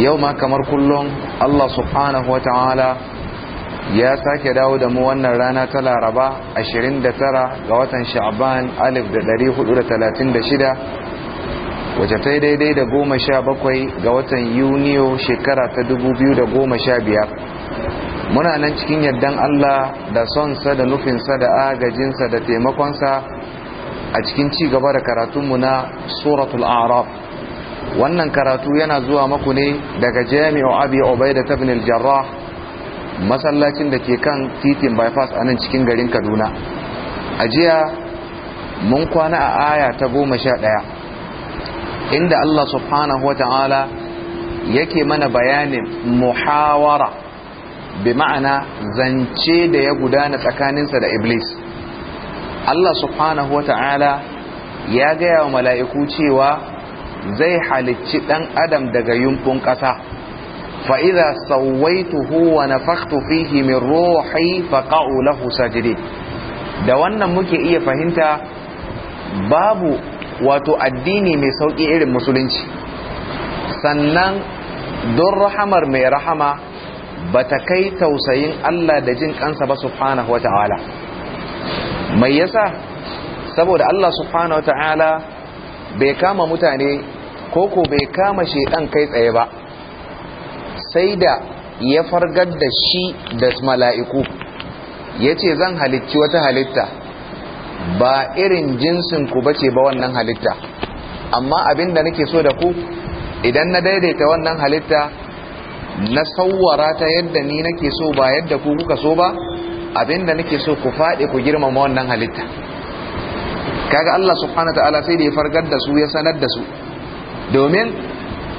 yau ma kamar kullum Allah subhanahu wa ta'ala ya sake dawo da mu wannan rana ta laraba 29 ga watan Sha'aban 1436 wace ta daidai da goma sha bakwai ga watan yuniyo shekara ta 2015 muna nan cikin yardan Allah da sonsa da nufinsa da agajinsa da taimakonsa a cikin ci gaba da karatunmu na suratul araf wannan karatu yana zuwa maku ne daga jami'u abi obaida ibn al-jarrah masallacin da ke kan titin bypass a nan cikin garin kaduna a jiya mun kwana a aya ta goma sha ɗaya inda allah subhanahu wa ta'ala yake mana bayanin muhawara bi ma'ana zance da ya gudana tsakaninsa da iblis allah subhanahu wa ta'ala ya gaya wa mala'iku cewa zai halicci ɗan adam daga yumɓun ƙasa fa'iza sauwaituhu wa nafakhtu fihi min ruhi faqa'u lahu sajidin da wannan muke iya fahimta babu wato addini mai sauƙi irin musulunci sannan don rahamar mai rahama ba ta kai tausayin Allah da jin kansa ba subhanahu wa ta'ala mai yasa saboda Allah subhanahu wa ta'ala bai kama mutane koko bai kama shi ɗan kai tsaye ba sai da ya fargar da shi da mala'iku ya ce zan halicci wata halitta ba irin jinsin ku bace ba wannan halitta amma abin da nake so da ku idan na daidaita wannan halitta na sauwara ta yadda ni nake so ba yadda ku kuka so ba abin da nake so ku faɗi ku girmama wannan halitta kaga Allah subhanahu wa ta'ala sai da ya fargar da su ya sanar da su domin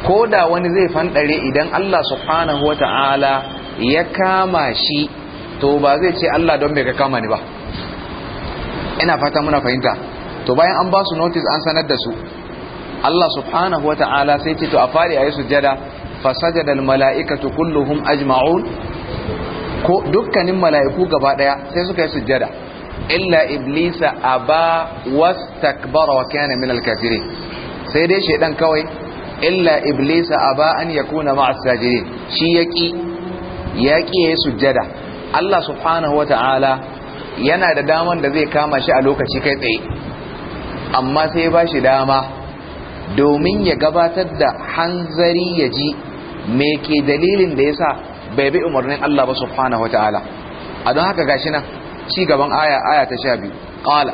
ko da wani zai fanɗare idan Allah subhanahu wa ta'ala ya kama shi to ba zai ce Allah don bai ka kama ni ba ina fata muna fahimta to bayan an ba su notice an sanar da su Allah subhanahu wa ta'ala sai ce to a fari a yi sujada fasajadal mala'ikatu kulluhum ajma'un ko dukkanin mala'iku gaba daya sai suka yi sujada illa iblisa aba wastakbara wa kana min al sai dai shaidan kawai illa iblisa aba an yakuna ma'as sajidin shi yaki yaki ya sujjada Allah subhanahu wata'ala yana da daman da zai kama shi a lokaci kai tsaye amma sai ba shi dama domin ya gabatar da hanzari ya ji me ke dalilin da yasa bai bi umarnin Allah ba subhanahu wata'ala a don haka gashi nan ci gaban aya aya ta 12 qala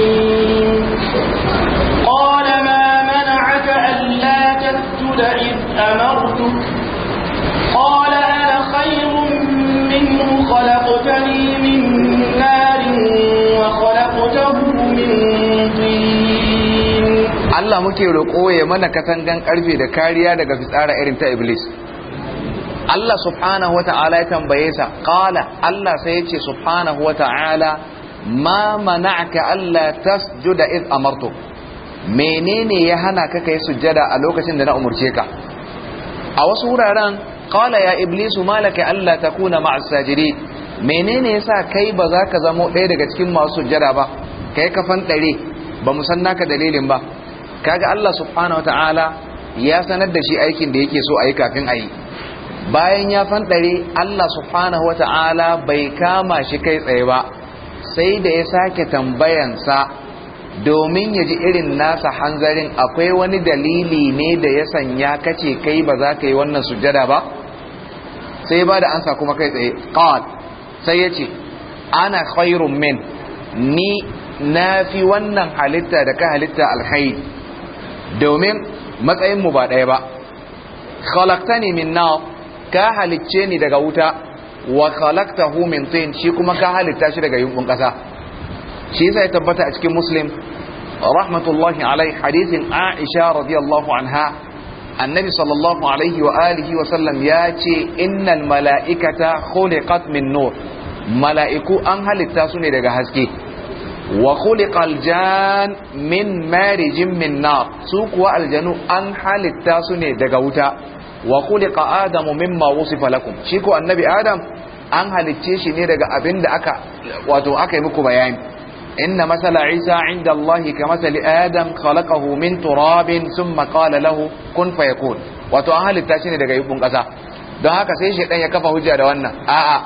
muke roƙo ya mana katangan karfe da kariya daga fitsara irin ta iblis Allah subhanahu Ta'ala ya tambaye sa qala Allah sai ya ce subhanahu ta'ala ma mana'aka alla tasjuda id amartu menene ya hana ka kai sujjada a lokacin da na umurce ka a wasu wuraren qala ya iblis malaka alla takuna ma'as sajidin menene yasa kai ba za ka zamo ɗaya daga cikin masu sujjada ba kai kafan dare ba mu san naka dalilin ba kaga Allah subhanahu wataala ya sanar da shi aikin da yake so a yi kafin a yi bayan ya fanɗare Allah subhanahu wataala bai kama shi kai tsaye ba sai da ya sake tambayansa domin ya ji irin nasa hanzarin akwai wani dalili ne da ya sanya kace kai ba za ka yi wannan sujada ba sai ba da ansa kuma kai tsaye qad sai ya ce ana khairun min ni na fi wannan halitta da ka halitta alkhairi domin matsayin mu ba ɗaya ba khalaqtani min ka halicce ni daga wuta wa khalaqtahu min tin shi kuma ka halitta shi daga yunkun ƙasa shi yasa ya tabbata a cikin muslim rahmatullahi alaihi hadithin aisha radiyallahu anha annabi sallallahu alaihi wa alihi wa sallam ya ce innal mala'ikata khuliqat min nur mala'iku an halitta su ne daga haske wa khuliqa aljan min marijin min nar su kuwa aljanu an halitta su ne daga wuta wa khuliqa adamu mimma wusifa lakum shi ko annabi adam an halicce shi ne daga abin da aka wato aka yi muku bayani inna masala isa inda allahi ka masali adam khalaqahu min turabin thumma qala lahu kun fayakun wato an halitta shi ne daga yubun kasa don haka sai shi ya kafa hujja da wannan a'a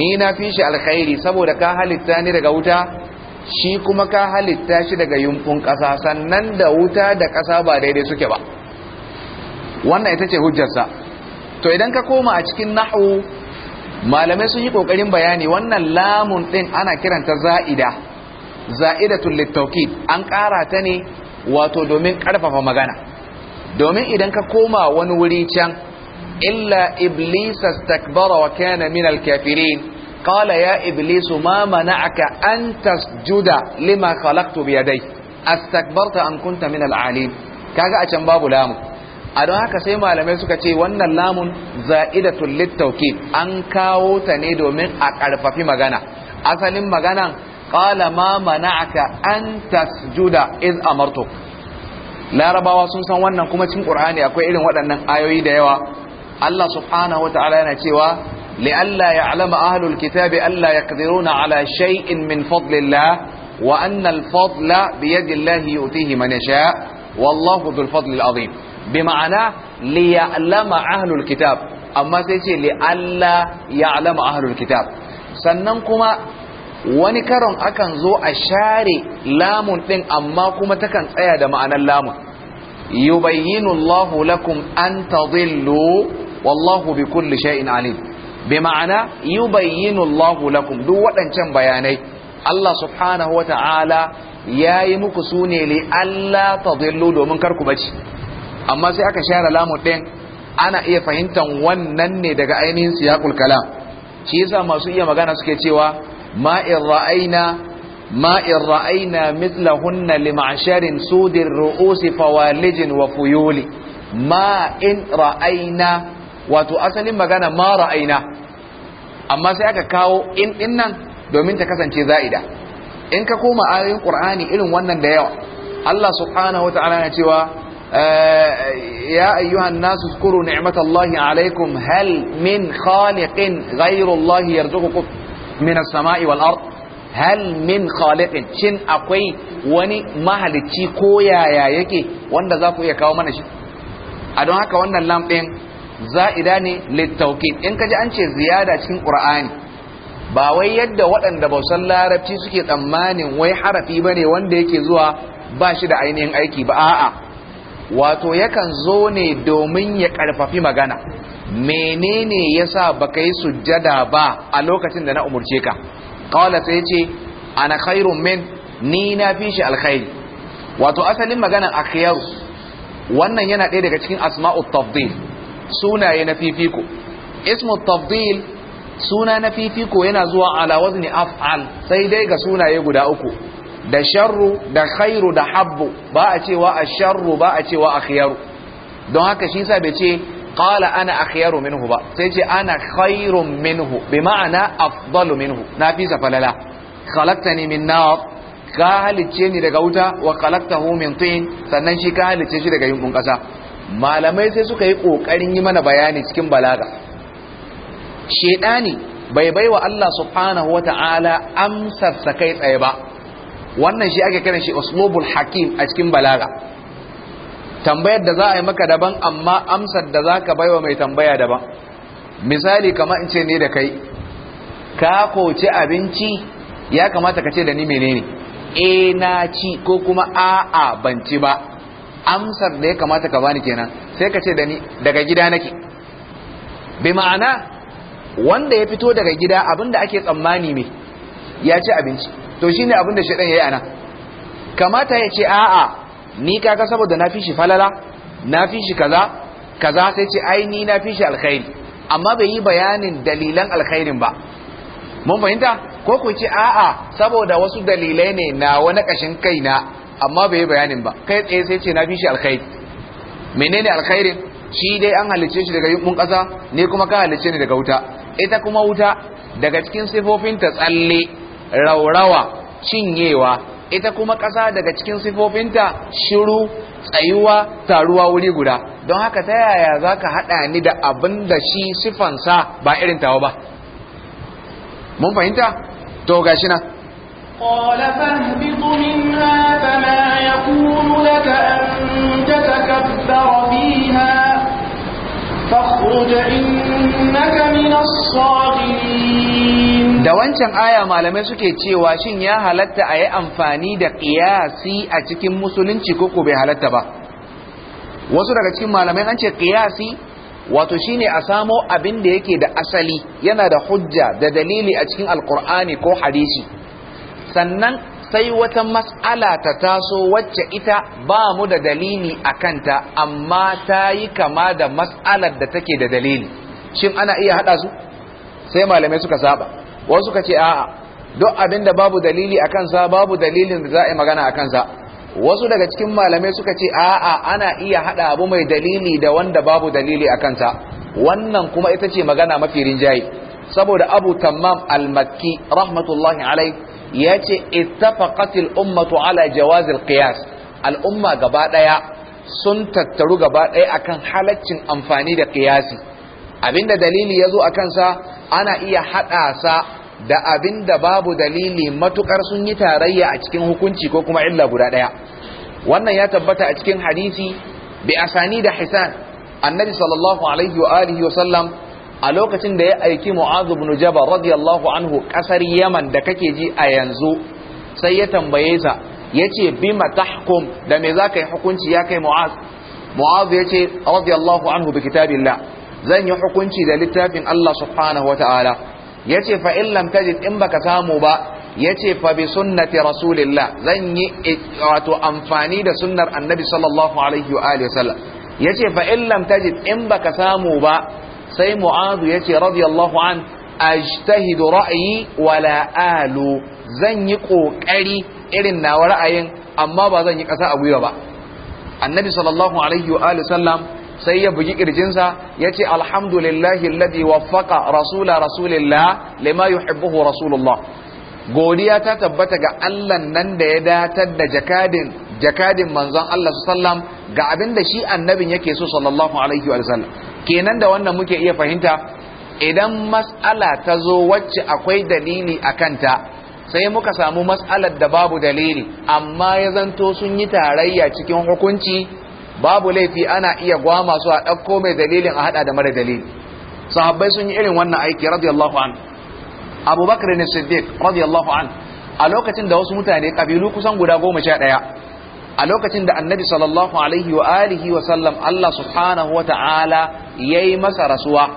ni na fi shi alkhairi saboda ka halitta ni daga wuta shi kuma ka halitta shi daga yumfun ƙasa sannan da wuta da ƙasa ba daidai suke ba wannan ita ce hujjarsa to idan ka koma a cikin nahu malamai sun yi ƙoƙarin bayani wannan lamun ɗin ana kiranta za'ida za'idatul littaukid an ƙara ta ne wato domin ƙarfafa magana domin idan ka koma wani wuri can illa iblisa Takbara wa kana Minal kafirin qala ya iblisu ma mana'aka Juda tasjuda lima khalaqtu bi yadai astakbarta an min al kaga a can babu lamu a don haka sai malamai suka ce wannan lamun za'idatul littauki an kawo ta ne domin a karfafi magana asalin maganan qala ma mana'aka an tasjuda iz amartuk larabawa sun san wannan kuma cikin ƙur'ani akwai irin waɗannan ayoyi da yawa Allah subhanahu wa ta'ala yana cewa لئلا يعلم أهل الكتاب ألا يقدرون على شيء من فضل الله وأن الفضل بيد الله يؤتيه من يشاء والله ذو الفضل العظيم بمعنى ليعلم أهل الكتاب أما سيسي لئلا يعلم أهل الكتاب سننكما wani karon akan zo a share lamun ɗin amma kuma takan tsaya da ma'anar lamun yubayyinu Allahu lakum an tadillu wallahu shay'in alim Bai ma'ana yubayyinu Allahu lakum duk waɗancan bayanai Allah subhanahu wa ta'ala yayi muku su ne li Allah tadillu domin kar ku bace amma sai aka share lamu ɗin ana iya fahimtar wannan ne daga ainihin siyaqul kalam shi yasa masu iya magana suke cewa ma in ra'aina ma in ra'aina mithlahunna lima'sharin sudir ru'usi fawalijin wa fuyuli ma in ra'aina wato asalin magana mara aina? amma sai aka kawo in din nan domin ta kasance za'ida in ka koma ayoyin qur'ani irin wannan da yawa Allah subhanahu wata'ala ya cewa eh, ya ayyuhan nasu zkuru ni'matallahi alaikum hal min khaliqin ghayru Allah yarzuqukum min as-sama'i wal ard hal min khaliqin cin akwai wani mahalicci ko yaya yake wanda za ku iya kawo mana shi a don haka wannan lam ɗin. za'ida ne littaukin in kaji an ce ziyada cikin ƙura'ani ba wai yadda waɗanda ba larabci suke tsammanin wai harafi ba ne wanda yake zuwa ba shi da ainihin aiki ba a'a wato yakan zo ne domin ya karfafi magana menene ya sa baka yi sujjada ba a lokacin da na umurce ka kawala sai ce ana khairun min ni na fi shi alkhairi wato asalin maganan akhyaru wannan yana ɗaya daga cikin asma'ut tafdil sunaye na fifiko ismu tafdil suna na fifiko yana zuwa ala wazni af'al sai dai ga sunaye guda uku da sharru da khairu da habbu ba a cewa asharru ba a cewa akhyaru don haka shi sa bai ce qala ana akhyaru minhu ba sai ce ana khairun minhu bi ma'ana afdalu minhu na fi falala khalaqtani min nar ka halicce ni daga wuta wa khalaqtahu min tin sannan shi ka halicce shi daga yunkun kasa malamai sai suka yi kokarin yi mana bayani cikin balaga shedani bai baiwa Allah subhanahu ta'ala amsar sa kai tsaye ba wannan shi ake kiran shi uslubul hakim a cikin balaga tambayar da za a yi maka daban amma amsar da za ka baiwa mai tambaya daban misali kamar in ce ne da kai ka koci abinci ya kamata ka ce da ni menene e na ci ko kuma a'a ban ci ba amsar da ya kamata ka bani kenan sai ka ce da ni daga gida nake bi ma'ana wanda ya fito daga gida abinda ake tsammani me ya ci abinci to shine abinda shedan yayi ana kamata ya ce a'a ni kaga saboda na fi shi falala na fi shi kaza kaza sai ce ai ni na fi shi alkhairi amma bai yi bayanin dalilan alkhairin ba mun fahimta ko ku ce a'a saboda wasu dalilai ne na wani kashin kaina amma bai yi bayanin ba kai tsaye sai ce na fi shi alkhairi menene alkhairin shi dai an halicce shi daga yumbun ƙasa ne kuma ka halicce ni daga wuta ita kuma wuta daga cikin sifofin ta tsalle raurawa cinyewa ita kuma ƙasa daga cikin sifofinta shiru tsayuwa taruwa wuri guda don haka ta yaya za ka haɗa ni da abin da shi sifansa ba irin tawa ba mun fahimta to gashi nan قال فاهبط منها فما يكون لك أن تتكبر فيها فاخرج إنك من الصاغرين da wancan aya malamai suke cewa shin ya halatta a yi amfani da ƙiyasi a cikin musulunci ko ko bai halatta ba wasu daga cikin malamai an ce ƙiyasi wato shine a samo abin da yake da asali yana da hujja da dalili a cikin alkur'ani ko hadisi sannan sai wata mas'ala ta taso wacce ita ba mu da dalili a kanta amma ta yi kama da mas'alar da take da dalili shin ana iya haɗa su sai malamai suka saba wasu suka ce a'a duk abin da babu dalili a kansa babu dalilin da za a yi magana a kansa wasu daga cikin malamai suka ce a'a ana iya haɗa abu mai dalili da wanda babu dalili a kansa wannan kuma ita ce magana mafi rinjaye saboda abu tammam al-makki rahmatullahi alaihi ya ce ittafaqatil ummatu ala jawazil qiyas al'umma gaba daya sun tattaru gaba daya akan halaccin amfani da qiyasi abinda dalili ya zo akan sa ana iya haɗa sa da abinda babu dalili matuƙar sun yi tarayya a cikin hukunci ko kuma illa guda ɗaya. wannan ya tabbata a cikin hadisi bi asani da hisan annabi sallallahu alaihi wa alihi wa sallam a lokacin da ya aiki mu'azu bin jabal radiyallahu anhu kasar yaman da kake ji a yanzu sai ya tambaye sa yace bima tahkum da me zaka yi hukunci ya kai mu'az mu'az yace radiyallahu anhu bi kitabillah zan yi hukunci da littafin Allah subhanahu wataala yace fa in lam tajid in baka samu ba yace fa bi sunnati rasulillah zan yi e, wato amfani da sunnar annabi sallallahu alaihi wa alihi wasallam yace fa in lam tajid in baka samu ba sai mu'azu ya ce radiyallahu an ajtahidu ra'ayi wala alu zan yi kokari irin nawa ra'ayin amma ba zan yi kasa a gwiwa ba annabi sallallahu alaihi wa alihi sallam sai ya bugi kirjinsa ya ce alhamdulillahi alladhi waffaqa rasula rasulillah lima yuhibbuhu rasulullah godiya ta tabbata ga Allah nan da ya datar da jakadin jakadin manzon Allah sallam ga abinda shi annabin yake so sallallahu alaihi wa kenan da wannan muke iya fahimta idan mas'ala ta zo wacce akwai dalili a kanta sai muka samu mas'alar da babu dalili amma ya zanto sun yi tarayya cikin hukunci babu laifi ana iya gwama su a ɗauko mai dalilin a haɗa da mara dalili sahabbai sun yi irin wannan aiki radiyallahu anhu Abu Bakr ne Siddiq radiyallahu an a lokacin da wasu mutane kabilu kusan guda goma sha ɗaya a lokacin da annabi sallallahu alaihi wa alihi wa sallam Allah subhanahu wa ta'ala yayi masa rasuwa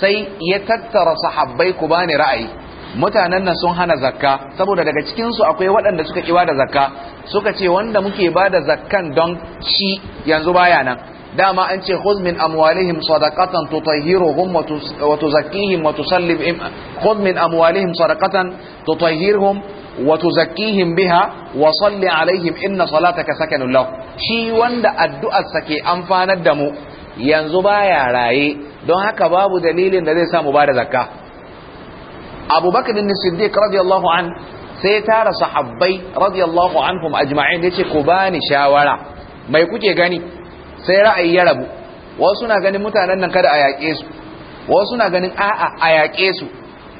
sai ya tattara sahabbai ku bani ra'ayi mutanen nan sun hana zakka saboda daga cikin su akwai waɗanda suka ki da zakka suka ce wanda muke bada zakkan don shi yanzu baya nan dama an ce khudh min amwalihim sadaqatan tutahhiruhum wa tuzakkihim wa tusallim khudh min amwalihim sadaqatan tutahhiruhum wa tuzakkihim biha wa salli alaihim inna salataka sakanun lahum shi wanda addu'ar sa ke amfanar da mu yanzu baya raye don haka babu dalilin da zai samu ba da zakka abubakar bin siddiq radiyallahu an sai tara sahabbai radiyallahu anhum ajma'in yace ku bani shawara mai kuke gani sai ra'ayi ya rabu wasu na ganin mutanen nan kada a yaƙe su wasu na ganin a'a a yaƙe su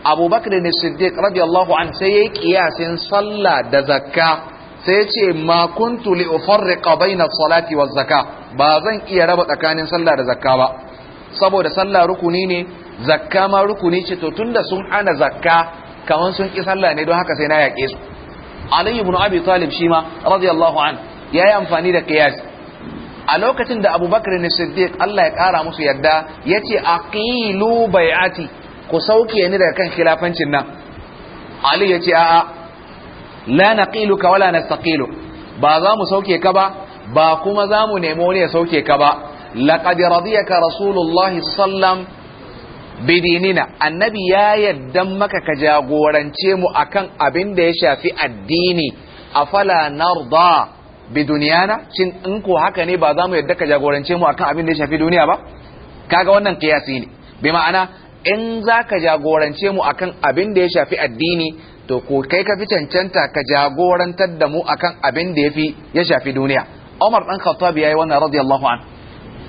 abubakar ne siddiq radiyallahu an sai yayi kiyasin sallah da zakka sai ce ma kuntu li ufarriqa salati wa zakka ba zan iya raba tsakanin sallah da zakka ba saboda sallah rukuni ne zakka ma rukuni ce to tunda sun hana zakka kaman sun ki sallah ne don haka sai na yaƙe su Ali ibn Abi Talib shi ma radiyallahu an yayi amfani da qiyas a lokacin da abubakar ne siddiq Allah ya ƙara musu yadda ya ce aqilu bai'ati ku sauke ni daga kan khilafancin nan ali ya ce a'a la ka wala nastaqilu ba za mu sauke ka ba ba kuma za mu nemo wani ya sauke ka ba laqad ka rasulullahi sallam bidinina annabi ya yadda maka ka jagorance mu akan abin da ya shafi addini afala narda bi duniyana shin in ko haka ne ba za mu yadda ka jagorance mu akan abin da ya shafi duniya ba kaga wannan kiyasi ne bi ma'ana in za ka jagorance mu akan abin da ya shafi addini to ko kai ka fi cancanta ka jagorantar da mu akan abin da ya shafi duniya Umar dan Khattab yayi wannan radiyallahu an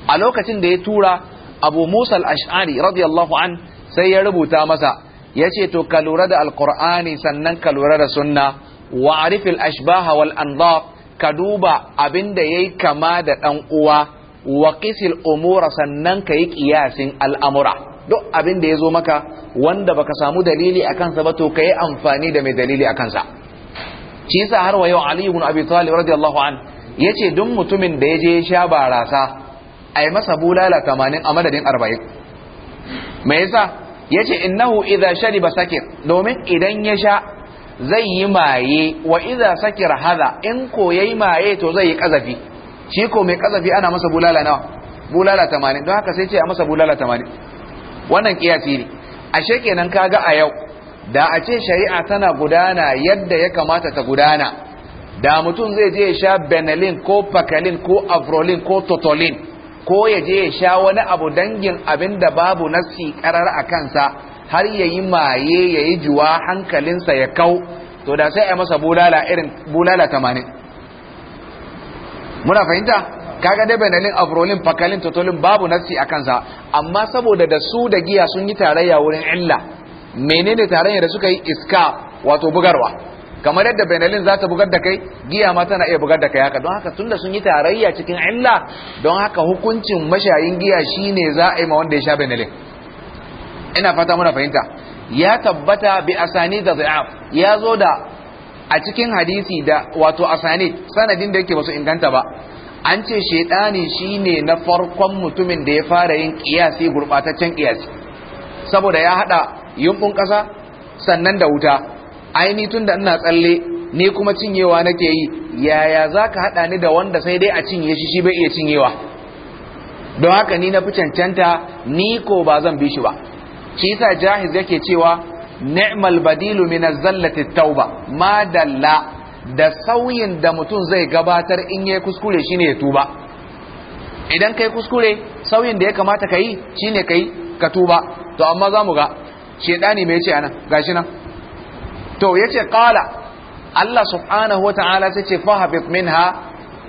a lokacin da ya tura Abu Musa al-Ash'ari radiyallahu an sai ya rubuta masa yace to ka lura da alqur'ani sannan ka lura da sunna wa arifil ashbaha wal andab ka duba abin da ya yi kama da ɗan uwa wa kisil umura sannan ka yi ƙiyasin al'amura duk abin da ya zo maka wanda baka samu dalili a kansa ba to ka yi amfani da mai dalili a kansa ci sa har wa yau Aliyu ibn abi talib radiyallahu an ce duk mutumin da ya je ya sha barasa ai masa bulala tamanin a madadin arba'in. mai yasa yace innahu shari ba sakir domin idan ya sha zai yi maye wa idza sakir hada in ko yayi maye to zai yi kazafi shi ko mai kazafi ana masa bulala nawa bulala 80 don haka sai ce a masa bulala 80 wannan kiyasi ne ashe kenan kaga a yau da a ce shari'a tana gudana yadda ya kamata ta gudana da mutum zai je ya sha benelin ko pakalin ko avrolin ko totolin ko ya je ya sha wani abu dangin abin da babu nassi karar a kansa har ya yi maye ya yi juwa hankalinsa ya kau to da sai a masa bulala irin bulala tamanin muna fahimta kaga da benelin afrolin fakalin totolin babu nassi a kansa amma saboda da su da giya sun yi tarayya wurin illa menene tarayya da suka yi iska wato bugarwa kamar yadda benelin za ta bugar da kai giya ma tana iya bugar da kai haka don haka tun da sun yi tarayya cikin illa don haka hukuncin mashayin giya shine za a yi ma wanda ya sha benelin ina fata muna fahimta ya tabbata bi asani da zai'af ya zo da a cikin hadisi da wato asani sanadin da yake su inganta ba an ce shaidani shine na farkon mutumin da ya fara yin kiyasi gurbataccen kiyasi saboda ya hada yumbun kasa sannan da wuta aini tun da ina tsalle ni kuma cinyewa nake yi yaya za ka hada ni da wanda sai dai a cinye shi shi bai iya cinyewa don haka ni na fi cancanta ni ko ba zan bi shi ba shi yasa jahiz yake cewa ni'mal badilu min az-zallati tauba ma dalla da sauyin da mutum zai gabatar in yayi kuskure shine ya tuba idan kai kuskure sauyin da ya kamata kai shine kai ka tuba to amma zamu ga shedani me yace anan gashi nan to yace qala Allah subhanahu wataala sai ce fahabit minha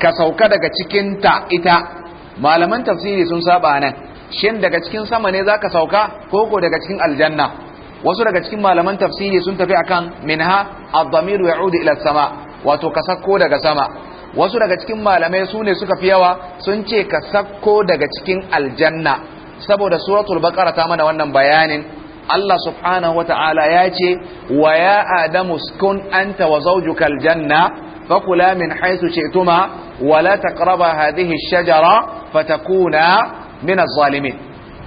ka sauka daga cikin ta ita malaman tafsiri sun saba nan shin daga cikin sama ne zaka sauka ko ko daga cikin aljanna wasu daga cikin malaman tafsiri sun tafi akan minha ad-damir ya'udu ila sama wato ka sakko daga sama wasu daga cikin malamai su ne suka fi yawa sun ce ka sakko daga cikin aljanna saboda suratul baqara ta mana wannan bayanin Allah subhanahu wata'ala ya ce wa ya adamu skun anta wa zawjuka aljanna fakula min haisu shi'tuma Wala takraba taqraba hadhihi shajara fatakuna min az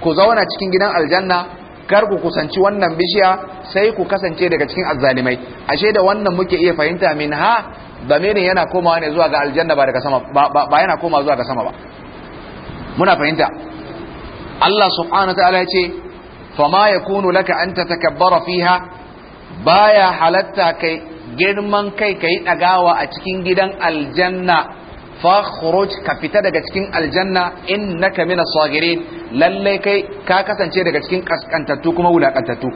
ku zauna cikin gidan aljanna kar ku kusanci wannan bishiya sai ku kasance daga cikin azzalimai ashe da wannan muke iya fahimta min ha damirin yana komawa ne zuwa ga aljanna ba daga sama ba yana komawa zuwa ga sama ba muna fahimta Allah subhanahu ta'ala ya ce fama yakunu laka an tatakabbara fiha baya halatta kai girman kai kai dagawa a cikin gidan aljanna fakhruj ka fita daga cikin aljanna innaka min as-sagirin lalle kai ka kasance daga cikin kaskantattu kuma wulakantattu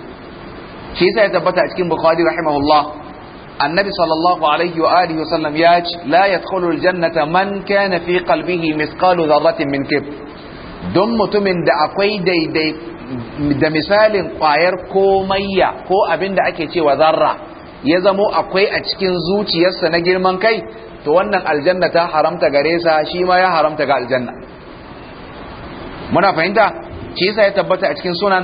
shi yasa ya tabbata a cikin bukhari rahimahullah annabi sallallahu alaihi wa alihi wa sallam ya ce la yadkhulu al-jannata man kana fi qalbihi mithqalu dharratin min kib don mutumin da akwai daidai da misalin kwayar komayya ko abin da ake cewa zarra ya zamo akwai a cikin zuciyarsa na girman kai to wannan aljanna ta haramta gare sa shi ma ya haramta ga aljanna muna fahimta shi yasa ya tabbata a cikin sunan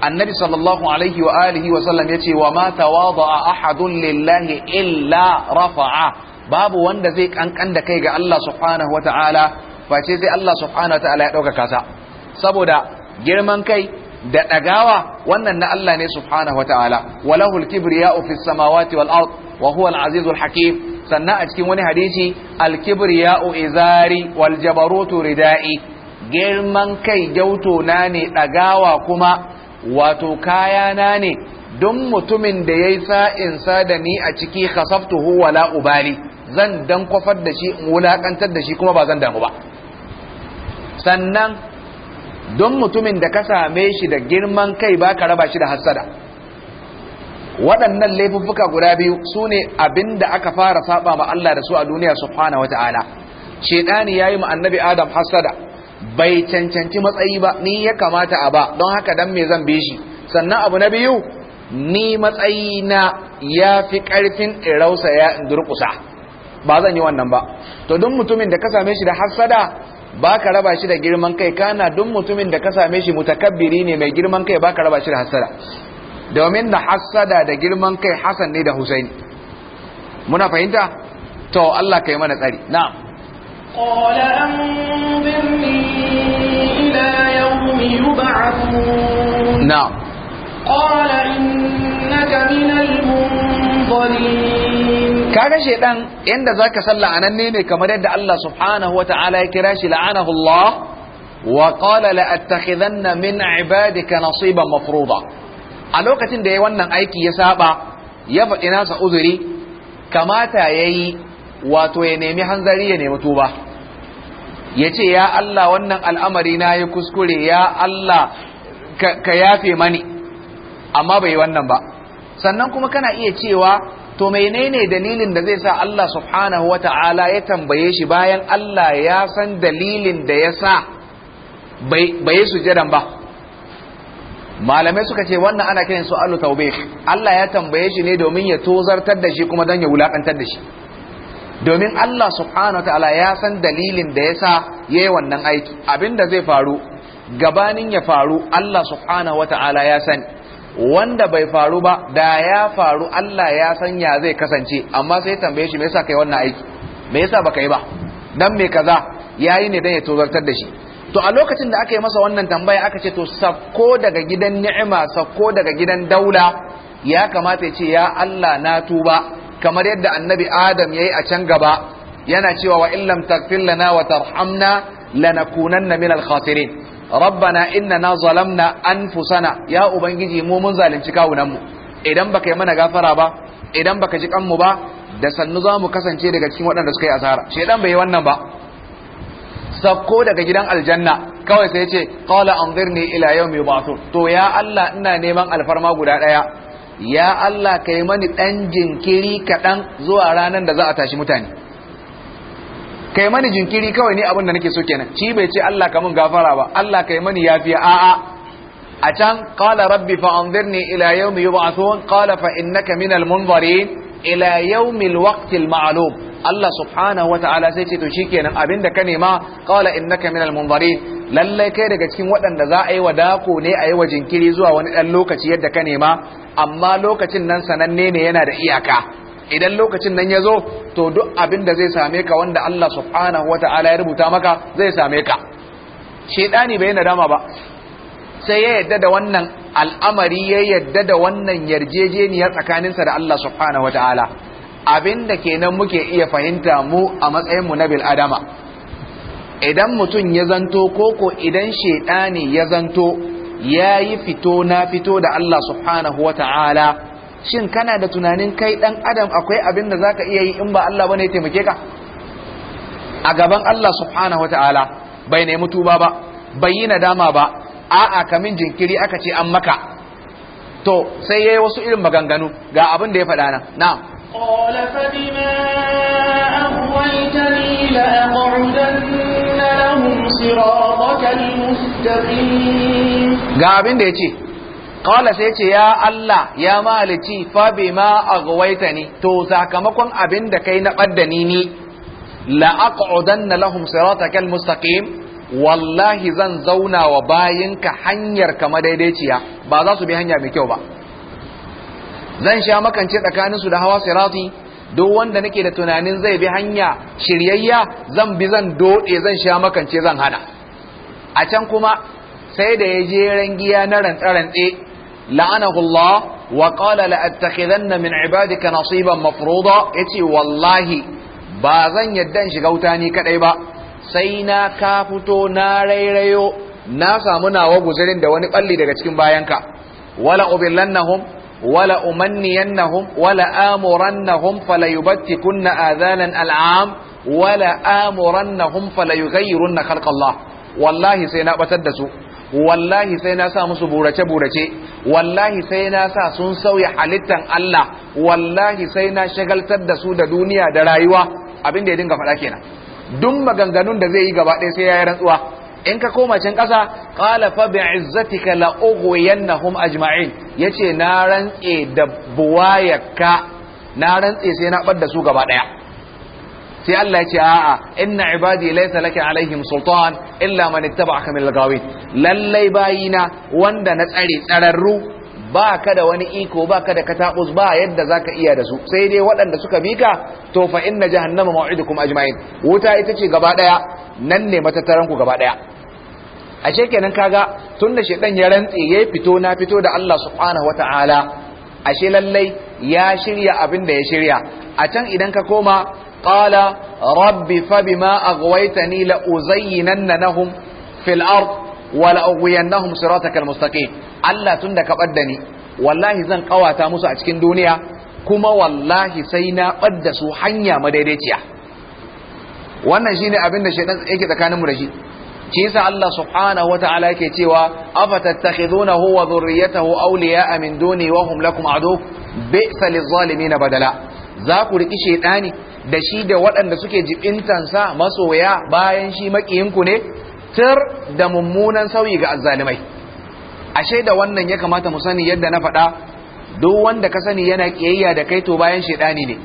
annabi sallallahu alaihi wa alihi wa sallam yace wa ma tawada'a ahadun lillahi illa rafa'a babu wanda zai kankan da kai ga Allah subhanahu wa ta'ala face sai Allah subhanahu wa ta'ala ya dauka kasa saboda girman kai da dagawa wannan na Allah ne subhanahu wa ta'ala walahul kibriya'u fis samawati wal ardh wa huwa al-azizul hakim sannan a cikin wani hadisi al-kibriya'u izari wal jabarutu rida'i girman kai gyauto na ne dagawa kuma wato kaya na ne don mutumin da yayi sain sa da ni a ciki khasaftuhu la ubali zan dan kwafar da shi in wulakantar da shi kuma ba zan damu ba sannan don mutumin da ka same shi da girman kai ba ka raba shi da hassada waɗannan laifuffuka guda biyu su ne abin da aka fara saba ma Allah da su a duniya subhanahu wa ta'ala shaidani ya yi ma annabi adam hasada bai cancanci matsayi ba ni ya kamata a ba don haka dan me zan bi shi sannan abu na biyu ni matsayi na ya fi ƙarfin irausa ya durƙusa ba zan yi wannan ba to duk mutumin da ka same shi da hassada ba ka raba shi da girman kai kana duk mutumin da ka same shi mutakabbiri ne mai girman kai ba ka raba shi da hasada domin da hassada da girman kai Hassan ne da Husaini muna fahimta to Allah kai mana tsari na'am qala anzirni ila yawmi yub'athun na'am qala innaka minal munzirin kaga shedan inda zaka salla anan ne ne kamar yadda Allah subhanahu wataala ya kira shi la'anahu Allah wa qala la attakhidanna min ibadika nasiban mafruḍa a lokacin da ya wannan aiki ya saba ya faɗi nasa uzuri kamata ya yi wato ya nemi hanzari ya nemi tuba ya ce ya Allah wannan al'amari na ya kuskure ya Allah ka yafe mani amma bai yi wannan ba sannan kuma kana iya cewa to menene dalilin da zai sa Allah subhanahu wa ta'ala ya tambaye shi bayan Allah ya san dalilin da ya sa bai su sujadan ba malamai suka ce wannan ana kiran Alu Taube. Allah ya tambaye shi ne domin ya tozartar da shi kuma don ya wulakantar da shi domin Allah subhanahu ta'ala ya san dalilin da yasa yayi wannan aiki abinda zai faru gabanin ya faru Allah subhanahu ta'ala ya san wanda bai faru ba da ya faru Allah ya san ya zai kasance amma sai ya tambaye shi me yasa kai wannan aiki me yasa baka yi ba dan me kaza yayi ne dan ya tozartar da shi to a lokacin da aka yi masa wannan tambaya aka ce to sakko daga gidan ni'ima sakko daga gidan daula ya kamata ya ce ya Allah na tuba kamar yadda annabi adam ya yi a can gaba yana cewa wa illam tagfir lana wa tarhamna lanakunanna minal khasirin rabbana na zalamna anfusana ya ubangiji mu mun zalunci kawunan mu idan baka yi mana gafara ba idan baka ji kanmu ba da sannu za mu kasance daga cikin waɗanda suka yi asara shedan bai yi wannan ba sakko daga gidan aljanna kawai sai ce qala anzirni ila yawmi yub'athun to ya Allah ina neman alfarma guda daya ya Allah kai mani dan jinkiri kadan zuwa ranan da za a tashi mutane kai mani jinkiri kawai ne abin da nake so kenan Ci bai ce Allah ka mun gafara ba Allah kai mani yafiya a'a a can qala rabbi fa anzirni ila yawmi yub'athun qala fa innaka minal munzirin ila yawmil waqtil ma'lum Allah subhanahu ta'ala sai ce to shikenan abinda ka nema qala innaka minal munzarin lallai kai daga cikin waɗanda za a yi wa dako ne a yi wa jinkiri zuwa wani dan lokaci yadda ka nema amma lokacin nan sananne ne yana da iyaka idan lokacin nan ya zo to duk abin da zai same ka wanda Allah subhanahu wa ta'ala ya rubuta maka zai same ka shedani bai nadama ba sai ya yadda da wannan al'amari ya yadda da wannan yarjejeniyar tsakaninsa da Allah subhanahu wa ta'ala abin da kenan muke iya fahimta mu a matsayinmu na bil'adama idan mutum ya zanto koko idan shaidani ya zanto ya yi fito na fito da Allah subhanahu wa ta'ala shin kana da tunanin kai dan adam akwai abin da zaka iya yi in ba Allah bane taimake ka a gaban Allah subhanahu wa ta'ala bai nemi tuba ba bai yi nadama ba a'a kamin jinkiri aka ce an maka to sai yayi wasu irin maganganu ga abin da ya faɗa na na'am قال فبما أغويتني لأقعدن لهم ce, Ya Allah, ya malici, fabi ma a gawaita ni, to sakamakon abin da kai na ɓadda ni ni, la'aƙa'udan na lahum sirata kal mustaqim wallahi zan zauna wa bayinka hanyar kama daidaiciya, ba za su bi hanya mai kyau ba. zan sha makance su da hawa sirati duk wanda nake da tunanin zai bi hanya shiryayya zan bi zan dode zan sha makance zan hana a can kuma sai da ya je rangiya na rantse-rantse la'anahu Allah wa qala la attakhidanna min ibadika nasiban ya yace wallahi ba zan yadda in shiga wuta ni kadai ba sai na ka fito na rairayo na samu nawa guzurin da wani balli daga cikin bayanka wala ubillannahum wala umanniyannahum wala amurannahum falayubattikunna adhanan al'am wala amurannahum falayughayyirunna khalqallah wallahi sai na batar da su wallahi sai na sa musu burace-burace wallahi sai na sa sun sauya halittan Allah wallahi sai na shagaltar da su da duniya da rayuwa abin da ya dinga faɗa kenan duk maganganun da zai yi gaba ɗaya sai ya yi rantsuwa in ka koma can ƙasa qala fa bi'izzatika la ughwiyannahum ajma'in yace na rantse da buwayaka na rantse sai na bar da su gaba daya sai Allah ya ce a'a inna ibadi laysa laka alaihim sultan illa man ittaba'aka min al-ghawin lallai bayina wanda na tsare tsararru ba ka da wani iko ba ka da kataɓus, ba yadda za ka iya da su sai dai waɗanda suka bi ka to fa inna jahannama maw'idukum ajma'in wuta ita ce gaba ɗaya nan ne matattaranku gaba ɗaya ashe kenan kaga tunda shedan ya rantse ya fito na fito da Allah subhanahu wataala ashe lallai ya shirya abin da ya shirya a can idan ka koma qala rabbi fa bima aghwaytani la uzayyinanna lahum fil ard wa la ughwiyannahum siratakal mustaqim Allah tunda ka badda ni wallahi zan kawata musu a cikin duniya kuma wallahi sai na badda su hanya madaidaiciya wannan shine abin da shedan yake tsakaninmu da shi shi yasa Allah subhanahu wata'ala yake cewa afatattakhidunahu wa dhurriyyatahu awliya'a min duni wa hum lakum adu bi'sa lizzalimina badala za ku riki shedani da shi da waɗanda suke sa masoya bayan shi makiyinku ne tir da mummunan sauyi ga azzalimai ashe da wannan ya kamata mu sani yadda na faɗa duk wanda ka sani yana kiyayya da kai to bayan shedani ne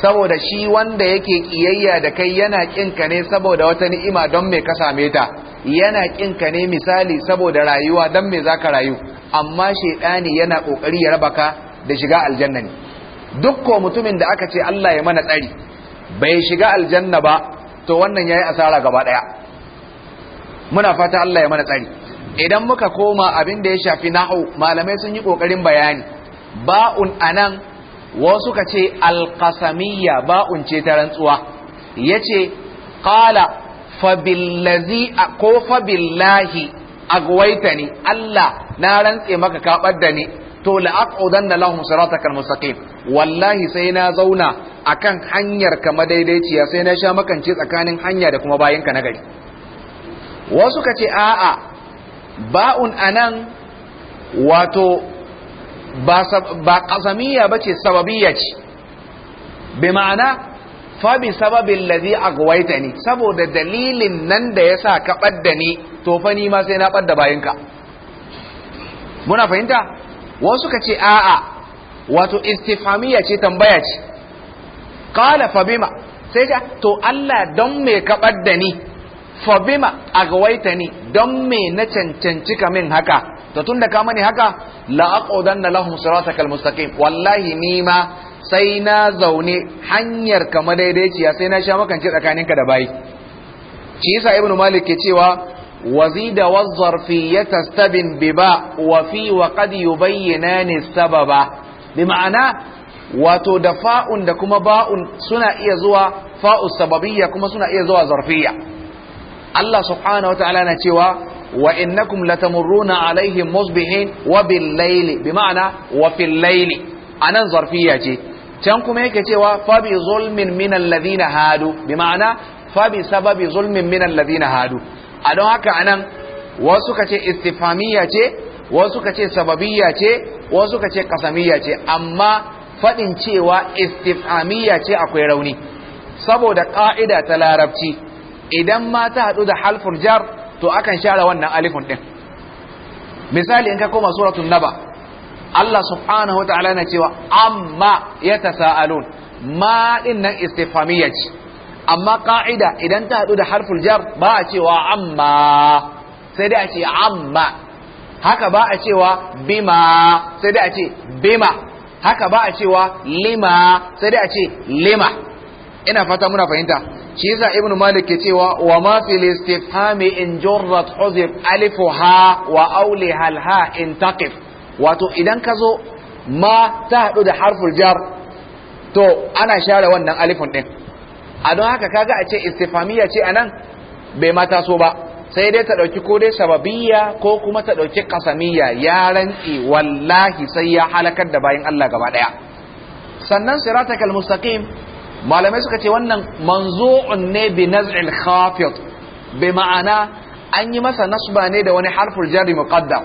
saboda shi wanda yake kiyayya da kai yana kinka ne saboda wata ni'ima don me ka same ta yana kinka ne misali saboda rayuwa don me zaka rayu amma shedani yana kokari ya raba ka da shiga aljanna ne dukko mutumin da aka ce Allah ya mana tsari bai shiga aljanna ba to wannan yayi asara gaba daya muna fata Allah ya mana tsari idan muka koma abin da ya shafi nahu malamai sun yi kokarin bayani ba'un anan wasu ka ce alƙasamiyya ba'un ce ta rantsuwa ya ce ƙala fabillazi ko fabillahi agwaita ni Allah na rantse maka kaɓar da ni to la'aqudan da lahum siratakal mustaqim wallahi sai na zauna akan hanyar ka madaidaiciya sai na sha makance tsakanin hanya da kuma bayanka na gari wasu ka ce a'a ba'un anan wato ba ƙasamiya ba ce sababiyya ce bi ma'ana fabi sababin lazi agwaita ni saboda dalilin nan da ya sa ka ɓadda ni to fa ni ma sai na ɓadda bayanka muna fahimta wasu ka ce a'a wato istifamiya ce tambaya ce ƙala fa sai ka to Allah don me ka ɓadda ni fabima a gawaita don me na cancanci ka min haka to tun da mani haka la'aƙodan na lahun sirata kalmustaƙin wallahi ni ma sai na zaune hanyar kama ya sai na sha makance tsakaninka da bayi ci isa ibn malik ke cewa wazida wazzar fi ya tastabin bi ba wa fi wa qad yubayyana sababa bi ma'ana wato da fa'un da kuma ba'un suna iya zuwa fa'u sababiyya kuma suna iya zuwa zarfiyya Allah subhanahu wataala na cewa wa innakum latamurruna alaihim musbihin wa bil layli bi ma'ana wa fil layli anan zarfiya ce can kuma yake cewa fa bi zulmin min alladhina hadu bi ma'ana fa bi sababi zulmin min alladhina hadu a don haka anan wasu ka ce istifamiya ce wasu ka ce sababiyya ce wasu ka ce kasamiyya ce amma faɗin cewa istifamiya ce akwai rauni saboda ƙa'ida ta larabci idan ma ta haɗu da halfur jar to akan share wannan alifun ɗin misali in ka koma suratun naba Allah subhanahu wa ta'ala na cewa amma ya tasa'alun ma din nan istifhamiyya ce amma ƙa'ida idan ta haɗu da halfur jar ba a cewa amma sai dai a ce amma haka ba a cewa bima sai dai a ce bima haka ba a cewa lima sai dai a ce lima ina fata muna fahimta shi yasa ibn malik ke cewa wa ma fil istifhami in jurrat huzif ha wa hal ha in taqif wato idan ka zo ma ta hadu da harful jar to ana share wannan alifun din a don haka kaga a ce istifhamiya ce anan bai mata so ba sai dai ta dauki ko dai sababiyya ko kuma ta dauki qasamiyya ya rantsi wallahi sai ya halakar da bayin Allah gaba daya sannan siratakal mustaqim malamai suka ce wannan manzu'un ne bi naz'il khafid bi ma'ana an yi masa nasba ne da wani harful jarri muqaddam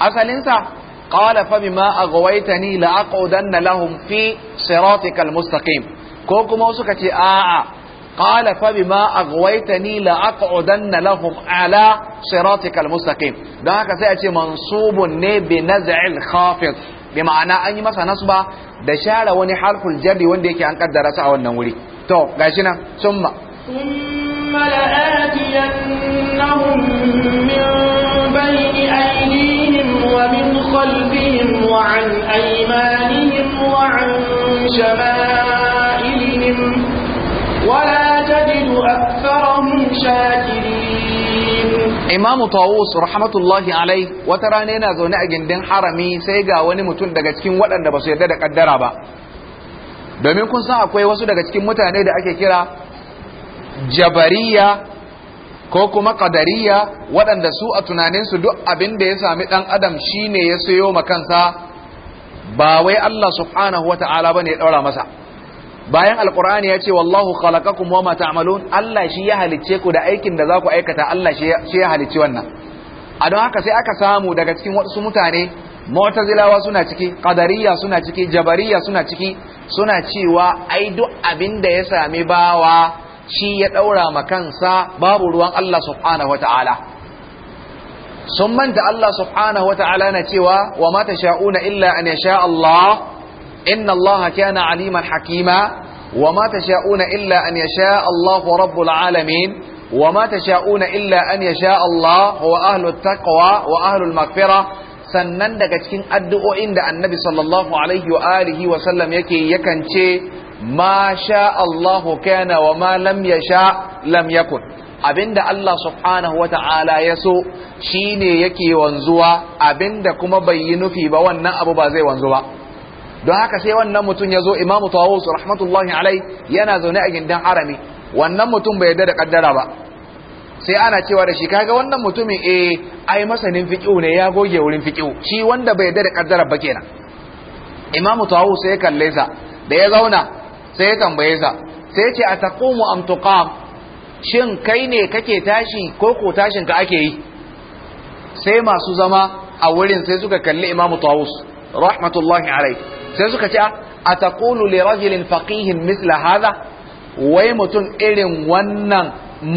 asalinsa qala fa bima aghwaytani la aqudanna lahum fi siratikal mustaqim ko kuma suka ce a'a قال فبما siratikal لأقعدن لهم haka sai a ce كسيأتي ne بنزع الخافض bi ma'ana an yi masa nasba da share wani harful jarri wanda yake an kaddara sa a wannan wuri to gashi nan summa summa la'atiyannahum min bayni aydihim wa min khalfihim wa an aymanihim wa an shama'ilihim wa la tajidu aktharahum shakirin imamu tawus rahmatullahi alai wata rana yana zaune a gindin harami sai ga wani mutum daga cikin waɗanda ba su yarda da kaddara ba domin kun san akwai wasu daga cikin mutane da ake kira jabariya ko kuma kadariya waɗanda su a tunaninsu duk abin da ya sami ɗan adam shine ya sayo ma kansa. ba wai Allah subhanahu wa ta'ala ne ya ɗaura masa bayan alkur'ani ya ce wallahu khalaqakum wama ta'malun Allah shi ya halicce ku da aikin da za ku aikata Allah shi ya halicci wannan a don haka sai aka samu daga cikin wasu mutane mu'tazilawa suna ciki qadariyya suna ciki jabariyya suna ciki suna cewa ai duk abin da ya sami bawa shi ya daura ma kansa babu ruwan Allah subhanahu wataala sun manta Allah subhanahu wataala na cewa wa ma tasha'una illa an yasha Allah inna allaha kana aliman hakima wa ma tasha'una illa an yasha allahu rabbul alamin wa ma tasha'una illa an yasha allah wa ahlut taqwa wa sannan daga cikin addu'o'in da annabi sallallahu alaihi wa alihi wa sallam yake yakan ce ma sha Allahu kana wa ma lam sha lam yakun abinda Allah subhanahu wa ta'ala ya so shine yake wanzuwa abinda kuma bai yi nufi ba wannan abu ba zai wanzu ba don haka sai wannan mutum ya zo imamu tawus rahmatullahi alai yana zaune a gindan harami wannan mutum bai yarda da kaddara ba sai ana cewa da shi kaga wannan mutumin eh ai masanin fiqhu ne ya goge wurin fiqhu shi wanda bai yarda da kaddara ba kenan imamu tawus sai ya kalle sa da ya zauna sai ya tambaye sa sai yace ce ataqumu am tuqam shin kai ne kake tashi ko ko tashin ka ake yi sai masu zama a wurin sai suka kalli imamu tawus rahmatullahi alai sai suka ce a ah, taqulu li rajulin faqihin misla haza, wai mutum irin wannan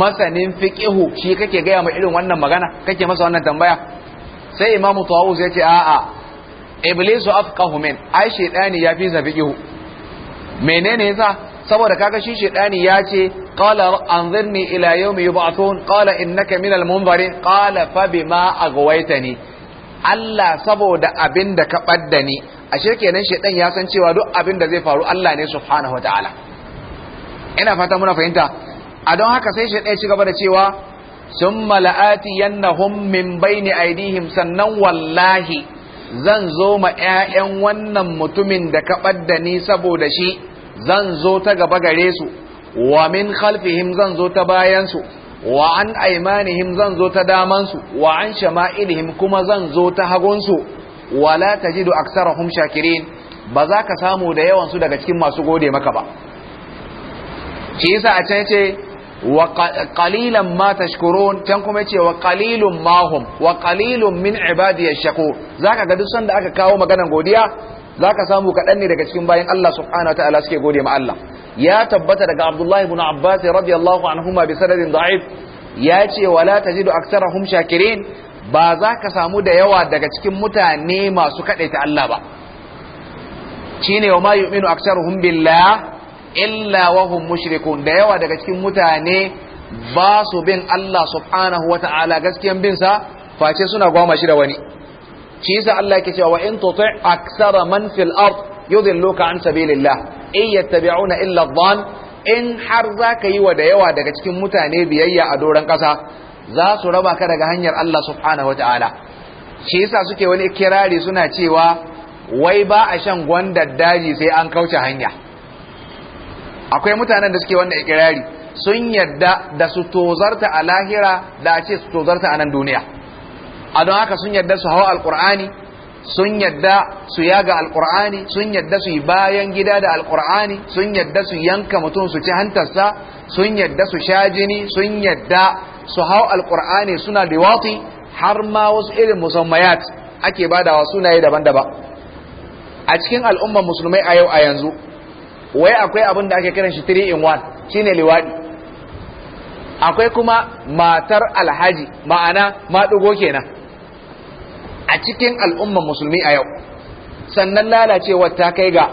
masanin fiqihu shi kake gaya ma irin wannan magana kake masa wannan tambaya sai imamu tawus ya ce a'a iblisu afqahu min ai shedani ya fi sa fiqihu menene yasa saboda kaga shi shedani ya ce qala anzirni ila yawmi yub'athun qala innaka minal munzari qala fa bima aghwaytani Allah saboda abin da ka ɓadda ni ashe kenan shedan ya san cewa duk abin da zai faru Allah ne subhanahu wataala ina fata muna fahimta a don haka sai shedan ya ci gaba da cewa summa yannahum min baini aidihim sannan wallahi zan zo ma ƴaƴan wannan mutumin da ka badda ni saboda shi zan zo ta gaba gare su wa min khalfihim zan zo ta bayan su wa an aimanihim zan zo ta su wa an shama'ilihim kuma zan zo ta hagunsu wala tajidu aktsarahum shakirin ba za ka samu da yawan su daga cikin masu gode maka ba shi yasa a can yace wa qalilan ma tashkurun can kuma yace wa qalilun ma wa qalilun min ibadiy shakur zaka ga duk sanda aka kawo maganar godiya zaka samu kaɗan ne daga cikin bayan Allah subhanahu ta'ala suke gode ma Allah ya tabbata daga Abdullahi ibn Abbas radiyallahu anhuma bi sanadin da'if ya ce wala tajidu aktsarahum shakirin ba za ka samu da yawa daga cikin mutane masu kaɗaita Allah ba shine wa ma yu'minu aktsaruhum billah illa wa hum mushrikun da yawa daga cikin mutane ba su bin Allah subhanahu ta'ala gaskiyan bin sa face suna gwama shi da wani shi yasa Allah yake cewa wa in tuti aktsara man fil ard yudilluka an sabilillah in yattabi'una illa dhann in har zaka yi wa da yawa daga cikin mutane biyayya a doran kasa za su raba ka daga hanyar Allah subhanahu wataala shi yasa suke wani kirari suna cewa wai ba a shan gwandar daji sai an kauce hanya akwai mutanen da suke wanda ikirari sun yarda da su tozarta a lahira da a ce su tozarta a nan duniya a don haka sun yarda su hawa alkur'ani sun yarda su yaga alkur'ani sun yarda su yi bayan gida da alkur'ani sun yarda su yanka mutum su ci hantarsa sun yarda su sha jini sun yarda su hau alkur'ani suna liwati har ma wasu irin musammayat ake badawa sunaye daban-daban a cikin al'ummar musulmai a yau a yanzu wai akwai abin da ake kiran shi 3 in 1 shine liwadi akwai kuma matar alhaji ma'ana maɗugo kenan a cikin al'ummar musulmi a yau sannan lalacewar ta kai ga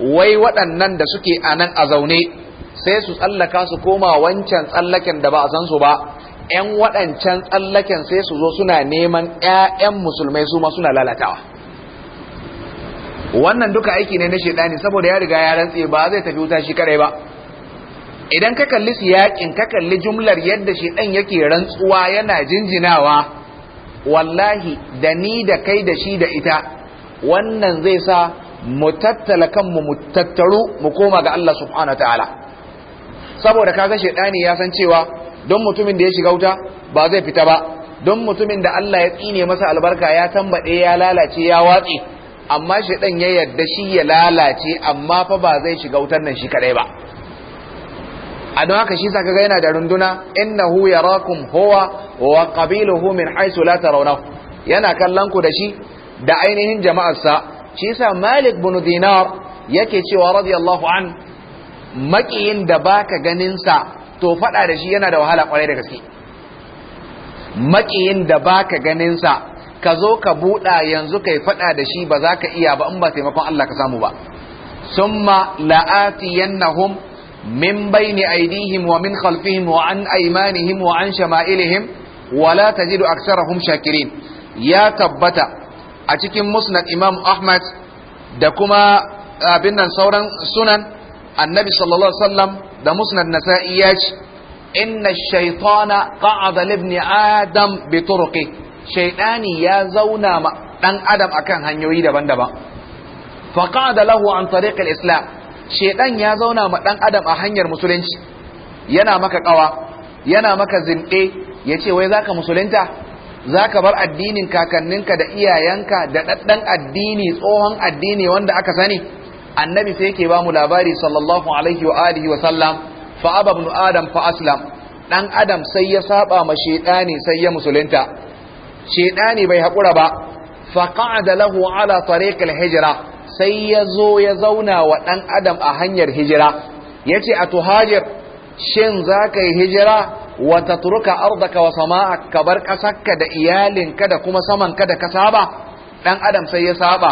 wai waɗannan da suke a nan a zaune sai su tsallaka su koma wancan tsallaken da ba a san su ba 'yan waɗancan tsallaken sai su zo suna neman 'ya'yan musulmai su ma suna lalatawa wannan duka aiki ne na shaidani saboda ya riga ya rantse ba zai tafi wuta shi kare ba idan ka kalli siyakin ka kalli jumlar yadda shaidan yake rantsuwa yana jinjinawa wallahi da ni da kai da shi da ita wannan zai sa mu tattala kanmu mu tattaru mu koma ga Allah subhanahu wataala saboda kaga shaidani ya san cewa don mutumin da ya shiga wuta ba zai fita ba don mutumin da Allah ya tsine masa albarka ya tambaɗe ya lalace ya watse amma shaidan ya yarda shi ya lalace amma fa ba zai shiga wutar nan shi kadai ba a don haka shi saka ga yana da runduna innahu yarakum huwa wa qabiluhu min haythu la tarawnahu yana kallon ku da shi da ainihin jama'arsa shi sa Malik bin Dinar yake cewa radiyallahu an makiyin da baka ganin sa to faɗa da shi yana da wahala kwarai da gaske makiyin da baka ganinsa ka zo ka buɗa yanzu kai faɗa da shi ba za ka iya ba in ba taimakon Allah ka samu ba summa la'atiyannahum min bayni aydihim wa min khalfihim wa an aymanihim wa an shama'ilihim wa la tajidu aktsarahum shakirin ya tabbata a cikin musnad imam ahmad da kuma abin nan sauran sunan annabi sallallahu alaihi wasallam da musnad nasa'i ya ce inna shaitana qa'ada libni adam bi turqi shaytani ya zauna ma dan adam akan hanyoyi daban-daban fa qa'ada lahu an tariq al-islam shaytan ya zauna ma dan adam a hanyar musulunci yana maka kawa yana maka zinde yace wai zaka musulunta zaka bar addinin kakanninka da iyayenka da ɗaɗɗan addini tsohon addini wanda aka sani annabi sai yake ba mu labari sallallahu alaihi wa alihi wa sallam fa aba ibn adam fa aslam dan adam sai ya saba ma shedani sai ya musulunta shedani bai hakura ba fa qa'ada lahu ala tariq al-hijra sai ya zo ya zauna wa dan adam a hanyar hijira yace a tuhajir shin zaka yi hijira wa tatruka ardaka wa sama'ak ka bar kasarka da iyalinka da kuma samanka da ka saba dan adam sai ya saba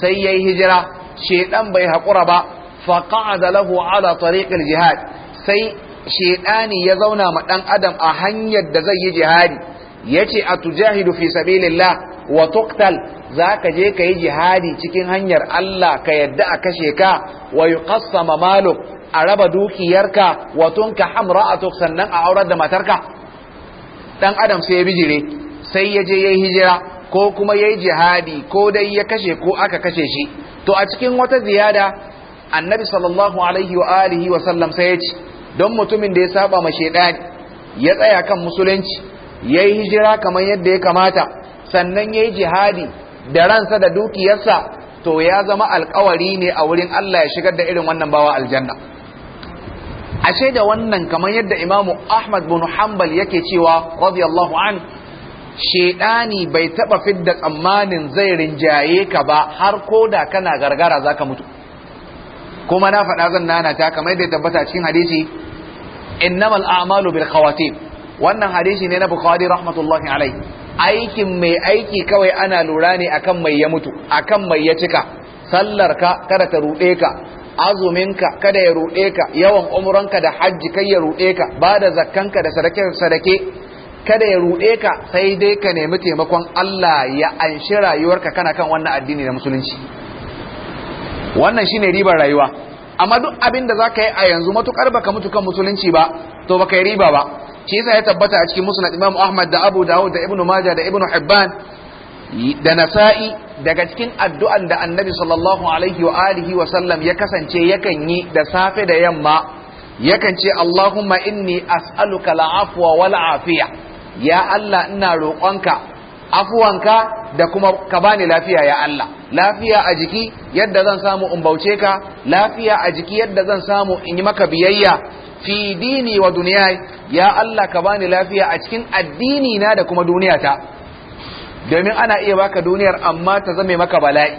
sai yayi hijira shedan bai haƙura ba faqa'ada lahu ala tariqil jihad sai shedani ya zauna ma dan adam a hanyar da zai yi jihadi yace atujahidu fi sabilillah wa tuqtal zaka je ka yi jihadi cikin hanyar Allah ka yadda a kashe ka wa yuqassama maluk a raba dukiyarka wa tunka hamra'atuk sannan a aurar da matarka dan adam sai ya bijire sai ya je yayi hijira ko kuma yayi jihadi ko dai ya kashe ko aka kashe shi to a cikin wata ziyada annabi sallallahu alaihi wa alihi wa sallam sai ya ce don mutumin da ya saba ma shedani ya tsaya kan musulunci ya yi hijira kamar yadda ya kamata sannan ya yi jihadi da ransa da dukiyarsa to ya zama alkawari ne a wurin Allah ya shigar da irin wannan bawa aljanna ashe da wannan kamar yadda imamu ahmad bin hanbal yake cewa radiyallahu an shedani bai taba fidda tsammanin zai rinjaye ka ba har ko da kana gargara za ka mutu kuma na faɗa zan nana ta kamar da tabbata cikin hadisi innamal a'malu bil khawatim wannan hadisi ne na bukhari rahmatullahi alai aikin mai aiki kawai ana lura ne akan mai ya mutu akan mai ya cika sallar ka kada ta ruɗeka. ka azuminka kada ya ruɗeka. ka yawan umuranka da hajji kai ya ruɗe ka ba da zakkanka da sadake sadake kada ya ruɗe ka sai dai ka nemi taimakon Allah ya anshi rayuwarka kana kan wannan addini da musulunci wannan shine ribar rayuwa amma duk abin da zaka yi a yanzu matukar baka mutu kan musulunci ba to baka yi riba ba shi yasa ya tabbata a cikin musnad Imam Ahmad da Abu Dawud da Ibn Majah da Ibn Hibban da Nasa'i daga cikin addu'an da Annabi sallallahu alaihi wa alihi wa sallam ya kasance yakan yi da safe da yamma yakan ce Allahumma inni as'aluka al-afwa wal afiya ya Allah ina roƙonka afuwanka da kuma ka bani lafiya ya Allah lafiya a jiki yadda zan samu in bauce ka lafiya a jiki yadda zan samu in yi maka biyayya fi dini wa duniya ya Allah ka bani lafiya a cikin addini na da kuma duniya ta domin ana iya baka duniyar amma ta zame maka bala'i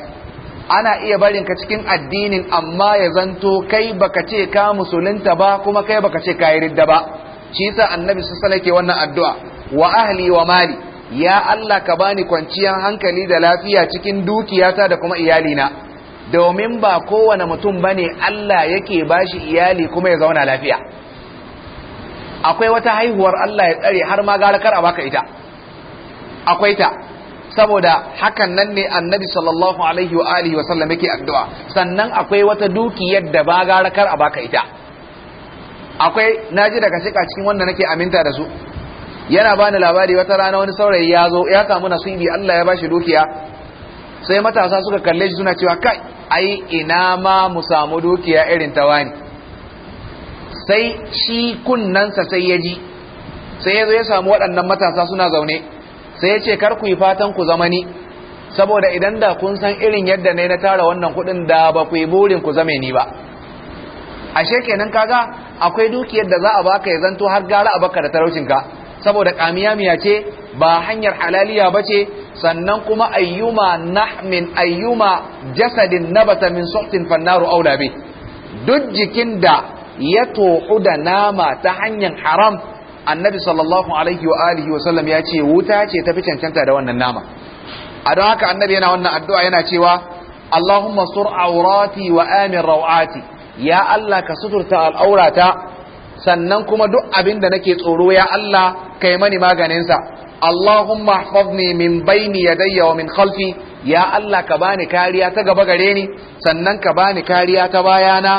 ana iya barin ka cikin addinin amma ya zanto kai baka ce ka musulunta ba kuma kai baka ce ka yi ridda ba shi yasa annabi sallallahu alaihi wasallam ke wannan addu'a wa ahli wa mali ya Allah ka bani kwanciyar hankali da lafiya cikin dukiyata da kuma iyalina domin ba kowane mutum bane Allah yake bashi iyali kuma ya zauna lafiya akwai wata haihuwar Allah ya tsare har ma gara kar a baka ita akwai ta saboda hakan nan ne annabi sallallahu alaihi wa alihi wa sallam yake addu'a sannan akwai wata dukiyar da ba gara kar a baka ita akwai naji daga shika cikin wanda nake aminta da su yana bani labari wata rana wani saurayi ya zo ya samu nasibi Allah ya bashi dukiya sai matasa suka kalle shi suna cewa kai ai ina ma mu samu dukiya irin ta wani sai shi kunnansa sai ya ji sai ya ya samu waɗannan matasa suna zaune sai ya ce kar ku yi fatan ku zama ni saboda idan da kun san irin yadda ne na tara wannan kuɗin da ba ku yi burin ku zame ni ba ashe kenan kaga akwai dukiyar da za a baka ya zanto har gara a baka da talaucinka saboda kamiyamiya ce ba hanyar halaliya ba ce sannan kuma ayyuma nahmin ayyuma jasadin nabata min suhtin fannaru aula bi duk jikin da ya tohu da nama ta hanyar haram annabi sallallahu alaihi wa alihi wa sallam ya ce wuta ce tafi cancanta da wannan nama a don haka annabi yana wannan addu'a yana cewa Allahumma sur aurati wa amin rawati ya Allah ka suturta al'aurata sannan kuma duk abin da nake tsoro ya Allah kai mani maganinsa Allahumma hafazni min baini yadayya wa min khalfi ya Allah ka bani kariya ta gaba gare ni sannan ka bani kariya ta bayana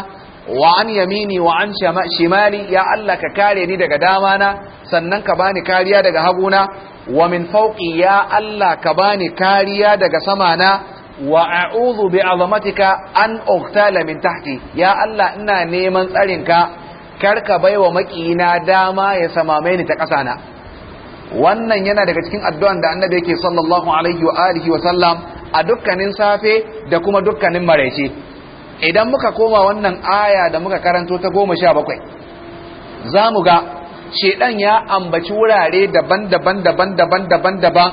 wa an yamini wa an shimali ya Allah ka kare ni daga dama na. sannan ka bani kariya daga haguna wa min fawqi ya Allah ka bani kariya daga samana wa a'udhu bi azamatika an uqtala min tahti ya Allah ina neman tsarin ka. karka baiwa makina dama ya samame ni ta na. wannan yana daga cikin addu'an da annabi yake sallallahu alaihi wa alihi wa sallam a dukkanin safe da kuma dukkanin maraice idan muka koma wannan aya da muka karanto ta goma sha bakwai za mu ga shedan ya ambaci wurare daban-daban daban-daban daban-daban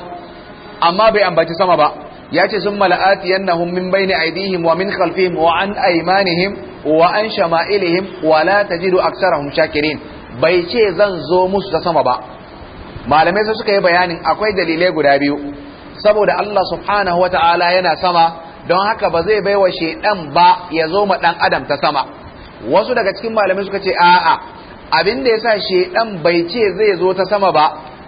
amma bai ambaci sama ba ya ce sun mala'ati yannahum min ne aidihim wa min khalfihim wa an aimanihim wa an shama'ilihim wa la tajidu aksarahum shakirin bai ce zan zo musu ta sama ba malamai sai suka yi bayanin akwai dalilai guda biyu saboda Allah subhanahu wa ta'ala yana sama don haka ba zai baiwa shaidan ba ya zo ma dan adam ta sama wasu daga cikin malamai suka ce a'a abin da yasa shaidan bai ce zai zo ta sama ba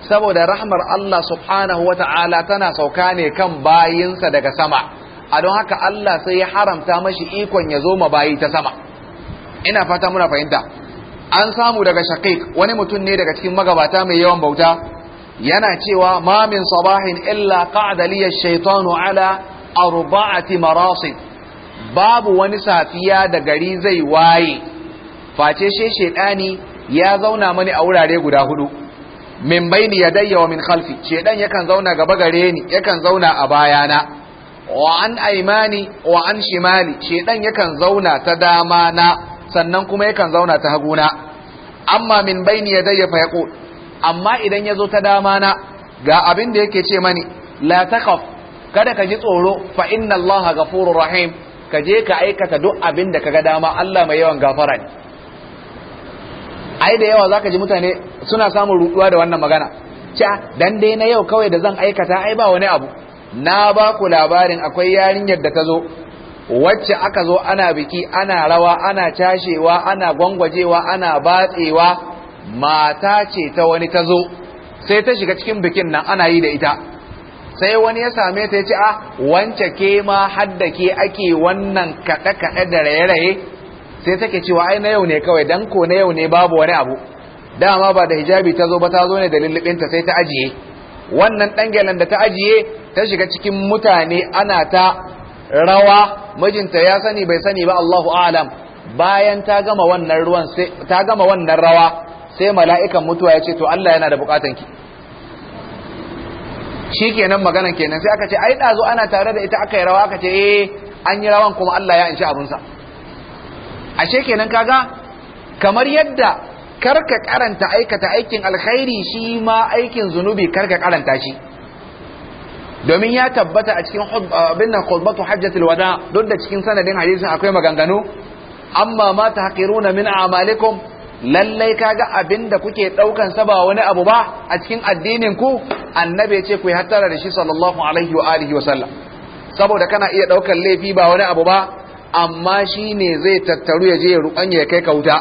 saboda rahmar Allah subhanahu wata'ala tana sauka ne kan bayinsa daga sama a don haka Allah sai ya haramta mashi ikon ya zo ma bayi ta sama ina fata muna fahimta an samu daga shakik wani mutum ne daga cikin magabata mai yawan bauta yana cewa mamin min sabahin illa qa'ada liya shaytanu ala arba'ati marasid babu wani safiya da gari zai waye face shi shedani ya zauna mani a wurare guda hudu min baini yadayya wa min khalfi shedan yakan zauna gaba gare ni yakan zauna a bayana wa an aimani wa an shimali shedan yakan zauna ta dama na sannan kuma yakan zauna ta haguna amma min baini yadayya fa yaqul amma idan zo ta dama na ga abin da yake ce mani la takhaf kada ka ji tsoro fa inna allaha ghafurur rahim ka je ka aikata duk abin da kaga dama Allah mai yawan gafara ne ai da yawa zaka ji mutane suna samun ruɗuwa da wannan magana ca dan dai na yau kawai da zan aikata ai ba wani abu na ba ku labarin akwai yarinyar da ta zo wacce aka zo ana biki ana rawa ana cashewa ana gwangwajewa ana batsewa mata ce ta wani ta zo sai ta shiga cikin bikin nan ana yi da ita sai wani ya same ta ya ce a ah, wance ke ma hadda ke ake wannan kaɗe-kaɗe da raye-raye sai take cewa ai na yau ne kawai dan ko na yau ne babu wani abu dama ba da hijabi ta zo ba ta zo ne da lullubinta sai ta ajiye wannan dangelan da ta ajiye ta shiga cikin mutane ana ta rawa mijinta ya sani bai sani ba Allahu a'lam bayan ta gama wannan ruwan sai ta gama wannan rawa sai mala'ikan mutuwa ya ce to Allah yana da bukatan ki shikenan maganan kenan sai aka ce ai dazo ana tare da ita aka yi rawa aka ce eh an yi rawan kuma Allah ya insha abunsa sa ashe kenan kaga kamar yadda karka karanta aikata aikin alkhairi shi ma aikin zunubi karka karanta shi domin ya tabbata a cikin abin nan khutbatu hajjatul wada duk da cikin sanadin hadisin akwai maganganu amma ma tahqiruna min a'malikum lallai kaga abinda kuke daukan sa ba wani abu ba a cikin addinin ku annabi ce ku yi hattara da shi sallallahu alaihi wa alihi wa sallam saboda kana iya daukan laifi ba wani abu ba amma shi ne zai tattaru ya je ya ruɓanya ya kai kauta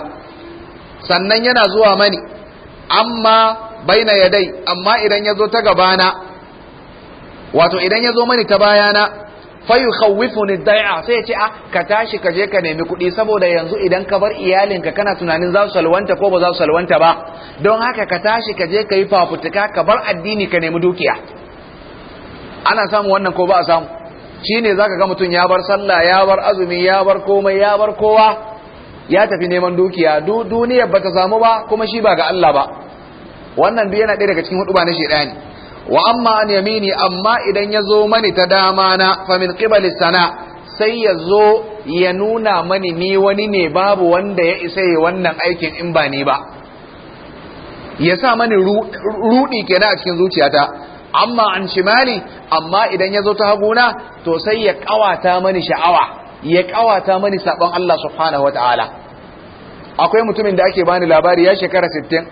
sannan yana zuwa mani amma baina ya dai amma idan ya zo ta gabana wato idan ya zo mani ta bayana fayu ni dai'a sai ce a ah, ka tashi ka je ka nemi kuɗi saboda yanzu idan ka bar iyalinka kana tunanin za su salwanta ko ba za su salwanta ba don haka ka tashi ka je ka yi fafutuka ka bar addini ka nemi dukiya ana samu wannan ko ba a samu za ka ga mutum ya bar sallah ya bar azumi ya bar komai ya bar kowa ya tafi neman dukiya du ba bata samu ba kuma shi ba ga Allah ba wannan duk yana ɗaya daga cikin hudu ba na shedani wa amma an yamini amma idan ya zo mani ta dama na fa min qibali sana sai ya zo ya nuna mani ni wani ne babu wanda ya isa yi wannan aikin in ba ni ba ya sa mani rudi kenan a cikin zuciyata amma an shimali amma idan ya zo ta haguna to sai ya kawata mani sha'awa ya kawata mani sabon Allah subhanahu wataala akwai mutumin da ake bani labari ya shekara 60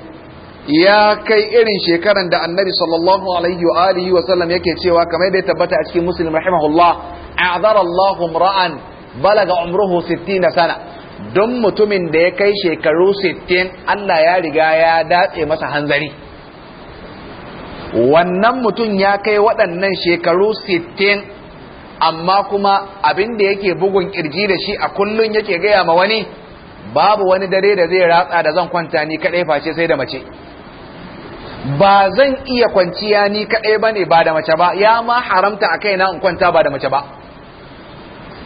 ya kai irin shekaran da annabi sallallahu alaihi wa alihi wa sallam yake cewa kamar da ya tabbata a cikin muslim rahimahullah a'zara Allah balaga umruhu 60 sana don mutumin da ya kai shekaru 60 Allah ya riga ya datse masa hanzari wannan mutum ya kai waɗannan shekaru sittin amma kuma abinda yake bugun kirji da shi a kullum yake gaya ma wani babu wani dare da zai ratsa da zan kwanta ni kaɗai face sai da mace ba zan iya kwanciya ni kaɗai ba ne ba da mace ba ya ma haramta a kaina in kwanta ba da mace ba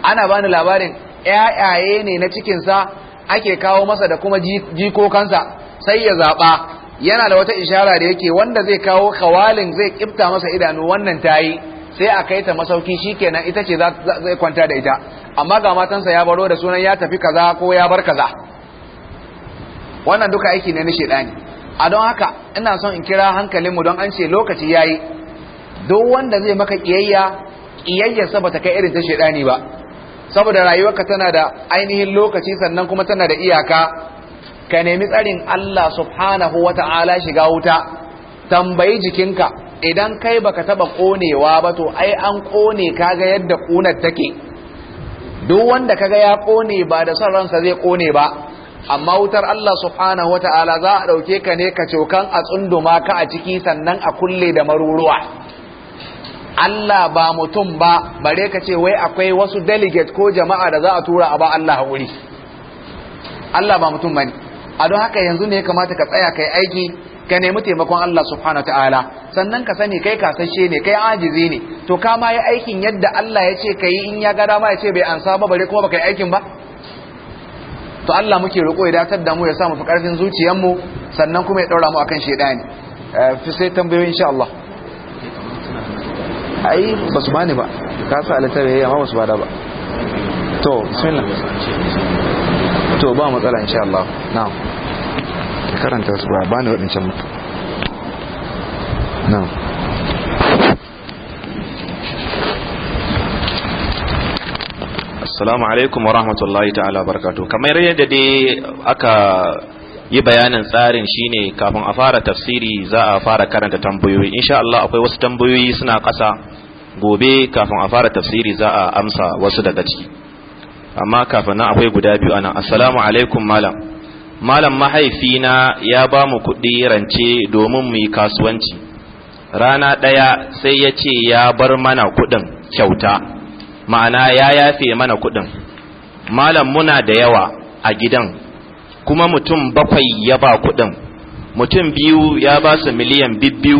ana bani labarin ‘ya'yaye ne na cikinsa ake kawo masa da kuma jikokansa sai ya zaɓa yana da wata ishara da yake wanda zai kawo kawalin zai kifta masa idanu wannan tayi sai a kai ta masauki kenan ita ce zai kwanta da ita amma ga matansa ya baro da sunan ya tafi kaza ko ya bar kaza wannan duka aiki ne na shedani a don haka ina son in kira hankalin mu don an ce lokaci yayi duk wanda zai maka kiyayya kiyayyarsa bata kai irin ta shedani ba saboda rayuwarka tana da ainihin lokaci sannan kuma tana da iyaka ka nemi tsarin Allah subhanahu wa ta'ala shiga wuta tambayi jikinka idan kai baka taba konewa ba to ai an kone kaga yadda kunar take duk wanda kaga ya kone ba da son ransa zai kone ba amma wutar Allah subhanahu wa ta'ala za a dauke ka ne ka cokan a tsunduma ka a ciki sannan a kulle da maruruwa Allah ba mutum ba bare ka ce wai akwai wasu delegate ko jama'a da za a tura a ba Allah haƙuri Allah ba mutum ba ne. a don haka yanzu ne ya kamata ka tsaya kai aiki ka nemi taimakon Allah subhanahu wa ta'ala sannan ka sani kai kasashe ne kai ajizi ne to ka ma yi aikin yadda Allah ya ce ka yi in ya ga dama ya ce bai ansa ba bare kuma baka yi aikin ba to Allah muke roƙo ya datar da mu ya sa mu fi ƙarfin mu sannan kuma ya ɗaura mu akan shedani eh, fi sai tambayoyi insha Allah ai ba su bani ba ka sa bai amma ba su bada ba to bismillah to ba matsala insha Allah na'am ka karanta su ba ba ni waɗancan mutu na assalamu alaikum wa rahmatullahi ta'ala barkatu kamar yadda dai aka yi bayanin tsarin shine kafin a fara tafsiri za a fara karanta tambayoyi insha Allah akwai wasu tambayoyi suna ƙasa gobe kafin a fara tafsiri za a amsa wasu daga ciki amma kafin nan akwai guda biyu ana assalamu alaikum malam malam mahaifina ya ba mu kuɗi rance domin mu yi kasuwanci rana ɗaya sai ya ce ya bar mana kuɗin kyauta ma'ana ya yafe mana kuɗin malam muna da yawa a gidan kuma mutum bakwai ya ba kuɗin mutum biyu ya ba su miliyan biyu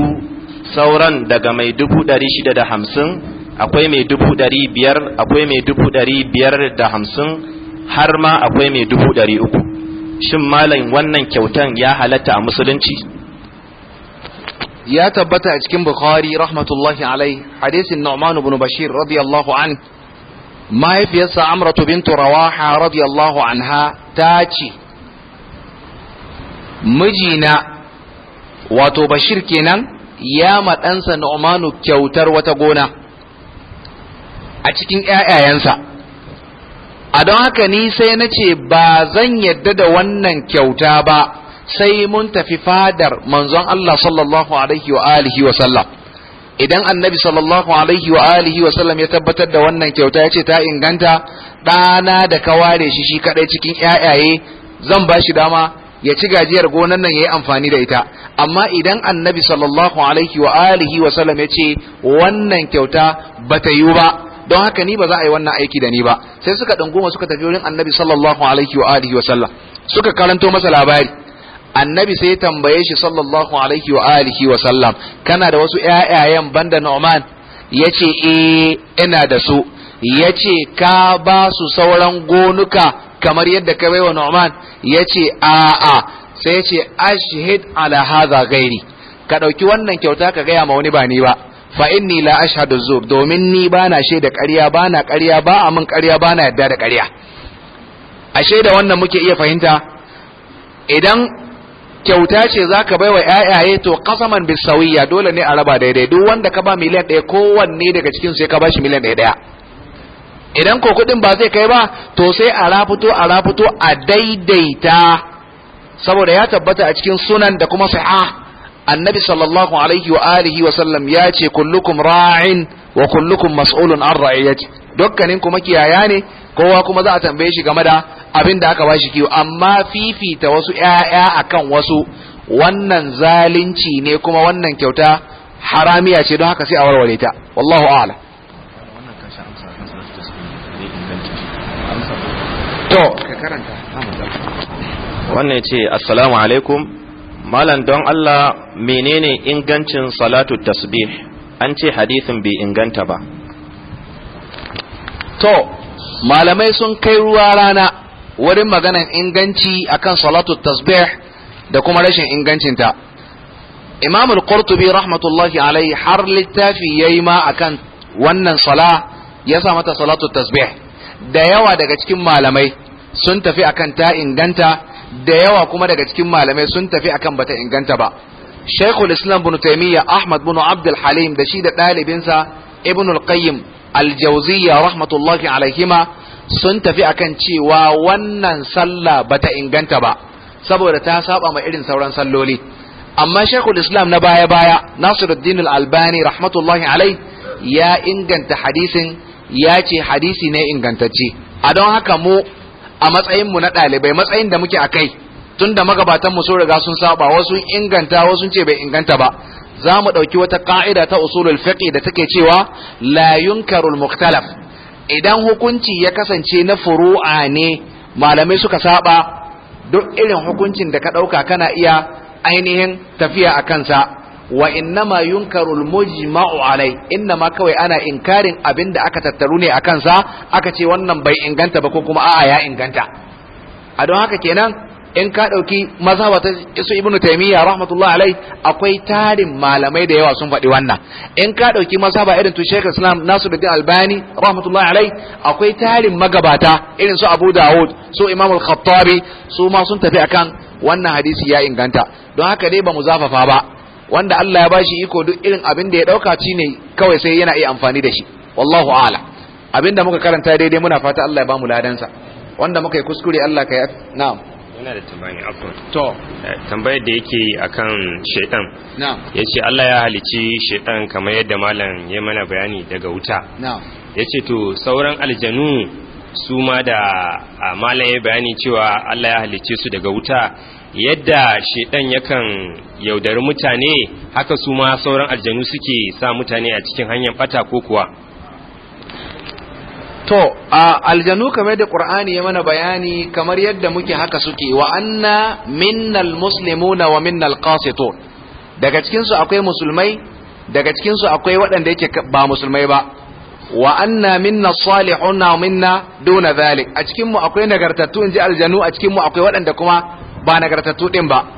sauran daga mai dubu ɗari shida da hamsin akwai mai dubu ɗari biyar akwai mai dubu ɗari biyar da hamsin har ma akwai mai dubu ɗari uku shin malam wannan kyautan ya halatta a musulunci ya tabbata a cikin bukhari rahmatullahi alaihi hadisin nu'man ibn bashir radiyallahu an mahaifiyarsa amratu bintu rawaha radiyallahu anha ta ce mijina wato bashir kenan ya maɗansa nu'manu kyautar wata gona a cikin 'ya'yayensa a don haka ni sai na ce ba zan yadda da wannan kyauta ba sai mun tafi fadar manzon Allah sallallahu alaihi wa alihi wa sallam idan annabi sallallahu alaihi wa alihi wa sallam ya tabbatar da wannan kyauta ya ce ta inganta ɗana da ka ware shi shi kaɗai cikin ƴaƴaye zan ba shi dama ya ci gajiyar gonan nan ya yi amfani da ita amma idan annabi sallallahu alaihi wa alihi wa sallam ya ce wannan kyauta ba ta yiwu ba don haka ni ba za a yi wannan aiki da ni ba sai suka dangoma suka tafi wurin annabi sallallahu alaihi wa alihi wa sallam suka karanto masa labari annabi sai ya tambaye shi sallallahu alaihi wa alihi wa sallam kana da wasu ƴaƴayen banda Nu'man yace eh ina da su yace ka ba su sauran gonuka kamar yadda ka baiwa Nu'man yace a'a sai yace ashhid ala hadha ghairi ka ɗauki wannan kyauta ka gaya ma wani ba ni ba fa inni la ashhadu zur domin ni bana shaida ƙarya bana ƙarya ba a mun ƙarya bana yadda da ƙarya ashe da wannan muke iya fahimta idan kyauta ce zaka baiwa yayaye to qasaman bisawiya dole ne a raba daidai duk wanda ka ba miliyan ɗaya kowanne daga cikin sai ka ba shi miliyan ɗaya idan ko kuɗin ba zai kai ba to sai a rafuto a rafuto a daidaita saboda ya tabbata a cikin sunan da kuma sahih annabi sallallahu alaihi wa alihi wa sallam ya ce kullukum ra'in wa kullukum mas'ulun an ra'iyati dukkanin kuma kiyaya ne kowa kuma za a tambaye shi game da abin da aka bashi kiwo amma fifita wasu ƴaƴa akan wasu wannan zalunci ne kuma wannan kyauta haramiya ce don haka sai a warware ta wallahu a'lam to ka karanta wannan ce assalamu alaikum malam don Allah menene ingancin salatu tasbih an ce hadisin bai inganta ba to malamai sun kai ruwa rana wurin maganan inganci akan salatu tasbih da kuma rashin ingancinta imam al-qurtubi rahmatullahi alaihi har littafi yayi ma akan wannan sala ya sa mata salatu tasbih da yawa daga cikin malamai sun tafi akan ta inganta da yawa kuma daga cikin malamai sun tafi akan bata inganta ba shaykhul islam bin Taymiyyah ahmad bin abdul halim da shi da ɗalibinsa ibn al-qayyim al-jawziyya rahmatullahi alaihima sun tafi akan cewa wannan sallah bata inganta ba saboda ta saba ma irin sauran salloli amma shaykhul islam na baya baya nasiruddin al-albani rahmatullahi alaihi ya inganta hadisin ya ce hadisi ne ingantacce a don haka mu a matsayin mu na ɗalibai matsayin da muke a kai tun da magabatan mu sun riga sun saba wasu inganta wasu ce bai inganta ba za mu ɗauki wata ƙa'ida ta usulul fiqh da take cewa la yunkarul mukhtalaf idan hukunci ya kasance na furu'a ne malamai suka saba duk irin hukuncin da ka ɗauka kana iya ainihin tafiya a kansa wa innama yunkarul mujma'u alai innama kawai ana inkarin abin da aka tattaru ne akan sa aka ce wannan bai inganta ba ko kuma a'a ya inganta a don haka kenan in ka dauki mazhaba ta isu ibnu taymiya rahmatullahi alai akwai tarin malamai da yawa sun faɗi wannan in ka dauki mazhaba irin tu shaykh islam nasiruddin albani rahmatullahi alai akwai tarin magabata irin su abu dawud su imam al-khattabi su ma sun tafi akan wannan hadisi ya inganta don haka dai ba mu zafafa ba wanda Allah ya bashi iko duk irin abin da ya dauka ci ne kawai sai yana iya amfani da shi wallahu a'ala abinda muka karanta daidai muna fata Allah ya bamu ladan sa wanda muka yi kuskure Allah ka na'am yana da tambaya afwan to eh, tambayar da yake akan shaytan na'am yace Allah ya halici shaytan kamar yadda malam ya mana bayani daga wuta na'am yace to sauran aljanu su ma da malam ya bayani cewa Allah ya halice su daga wuta yadda shaytan yakan yaudari mutane haka su ma sauran aljanu suke sa mutane a cikin hanyar bata ko kuwa to aljanu kamar da qur'ani ya mana bayani kamar yadda muke haka suke wa anna minnal muslimuna wa minnal qasitun daga cikin akwai musulmai daga cikin akwai waɗanda yake ba musulmai ba wa anna minna salihuna wa minna duna zalik a cikin akwai nagartattu inji aljanu a cikin akwai waɗanda kuma ba nagartattu ɗin ba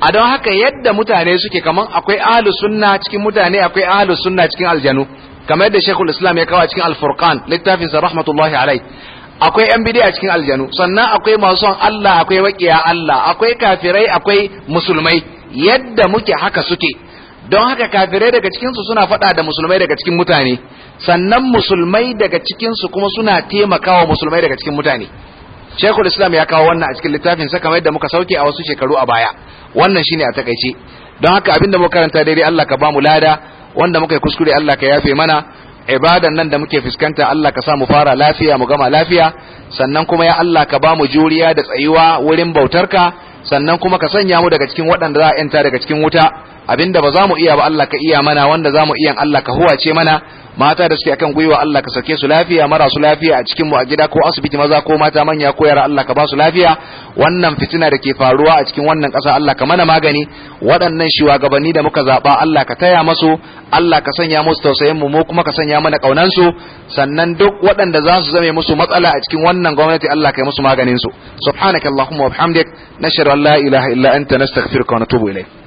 a don haka yadda mutane suke kaman akwai ahlu sunna cikin mutane akwai ahlu sunna cikin aljanu kamar yadda shekul islam ya kawo cikin alfurqan littafin sa rahmatullahi alai akwai yan bid'a cikin aljanu sannan akwai masu son Allah akwai waqiya Allah akwai kafirai akwai musulmai yadda muke haka suke don haka kafirai daga cikinsu suna fada da musulmai daga cikin mutane sannan musulmai daga cikinsu kuma suna taimakawa musulmai daga cikin mutane Sheikhul Islam ya kawo wannan a cikin littafin sa kamar yadda muka sauke a wasu shekaru a baya wannan shine a takaice don haka abinda muka karanta daidai Allah ka bamu lada wanda muka yi kuskure Allah ka yafe mana ibadan nan da muke fuskanta Allah ka sa mu fara lafiya mu gama lafiya sannan kuma ya Allah ka bamu juriya da tsayuwa wurin bautarka sannan kuma ka sanya mu daga cikin waɗanda za a yanta daga cikin wuta abinda ba za mu iya ba Allah ka iya mana wanda za mu iya Allah ka huwace mana mata da suke akan gwiwa Allah ka sauke su lafiya marasu lafiya a cikin mu a gida ko asibiti maza ko mata manya ko yara Allah ka ba su lafiya wannan fitina da ke faruwa a cikin wannan ƙasa Allah ka mana magani waɗannan shugabanni da muka zaɓa Allah ka taya masu Allah ka sanya musu tausayin mu mu kuma ka sanya mana ƙaunan su sannan duk waɗanda za su zame musu matsala a cikin wannan gwamnati Allah ka yi musu maganin su subhanakallahumma wa bihamdik nashhadu an la ilaha illa anta nastaghfiruka wa natubu ilayk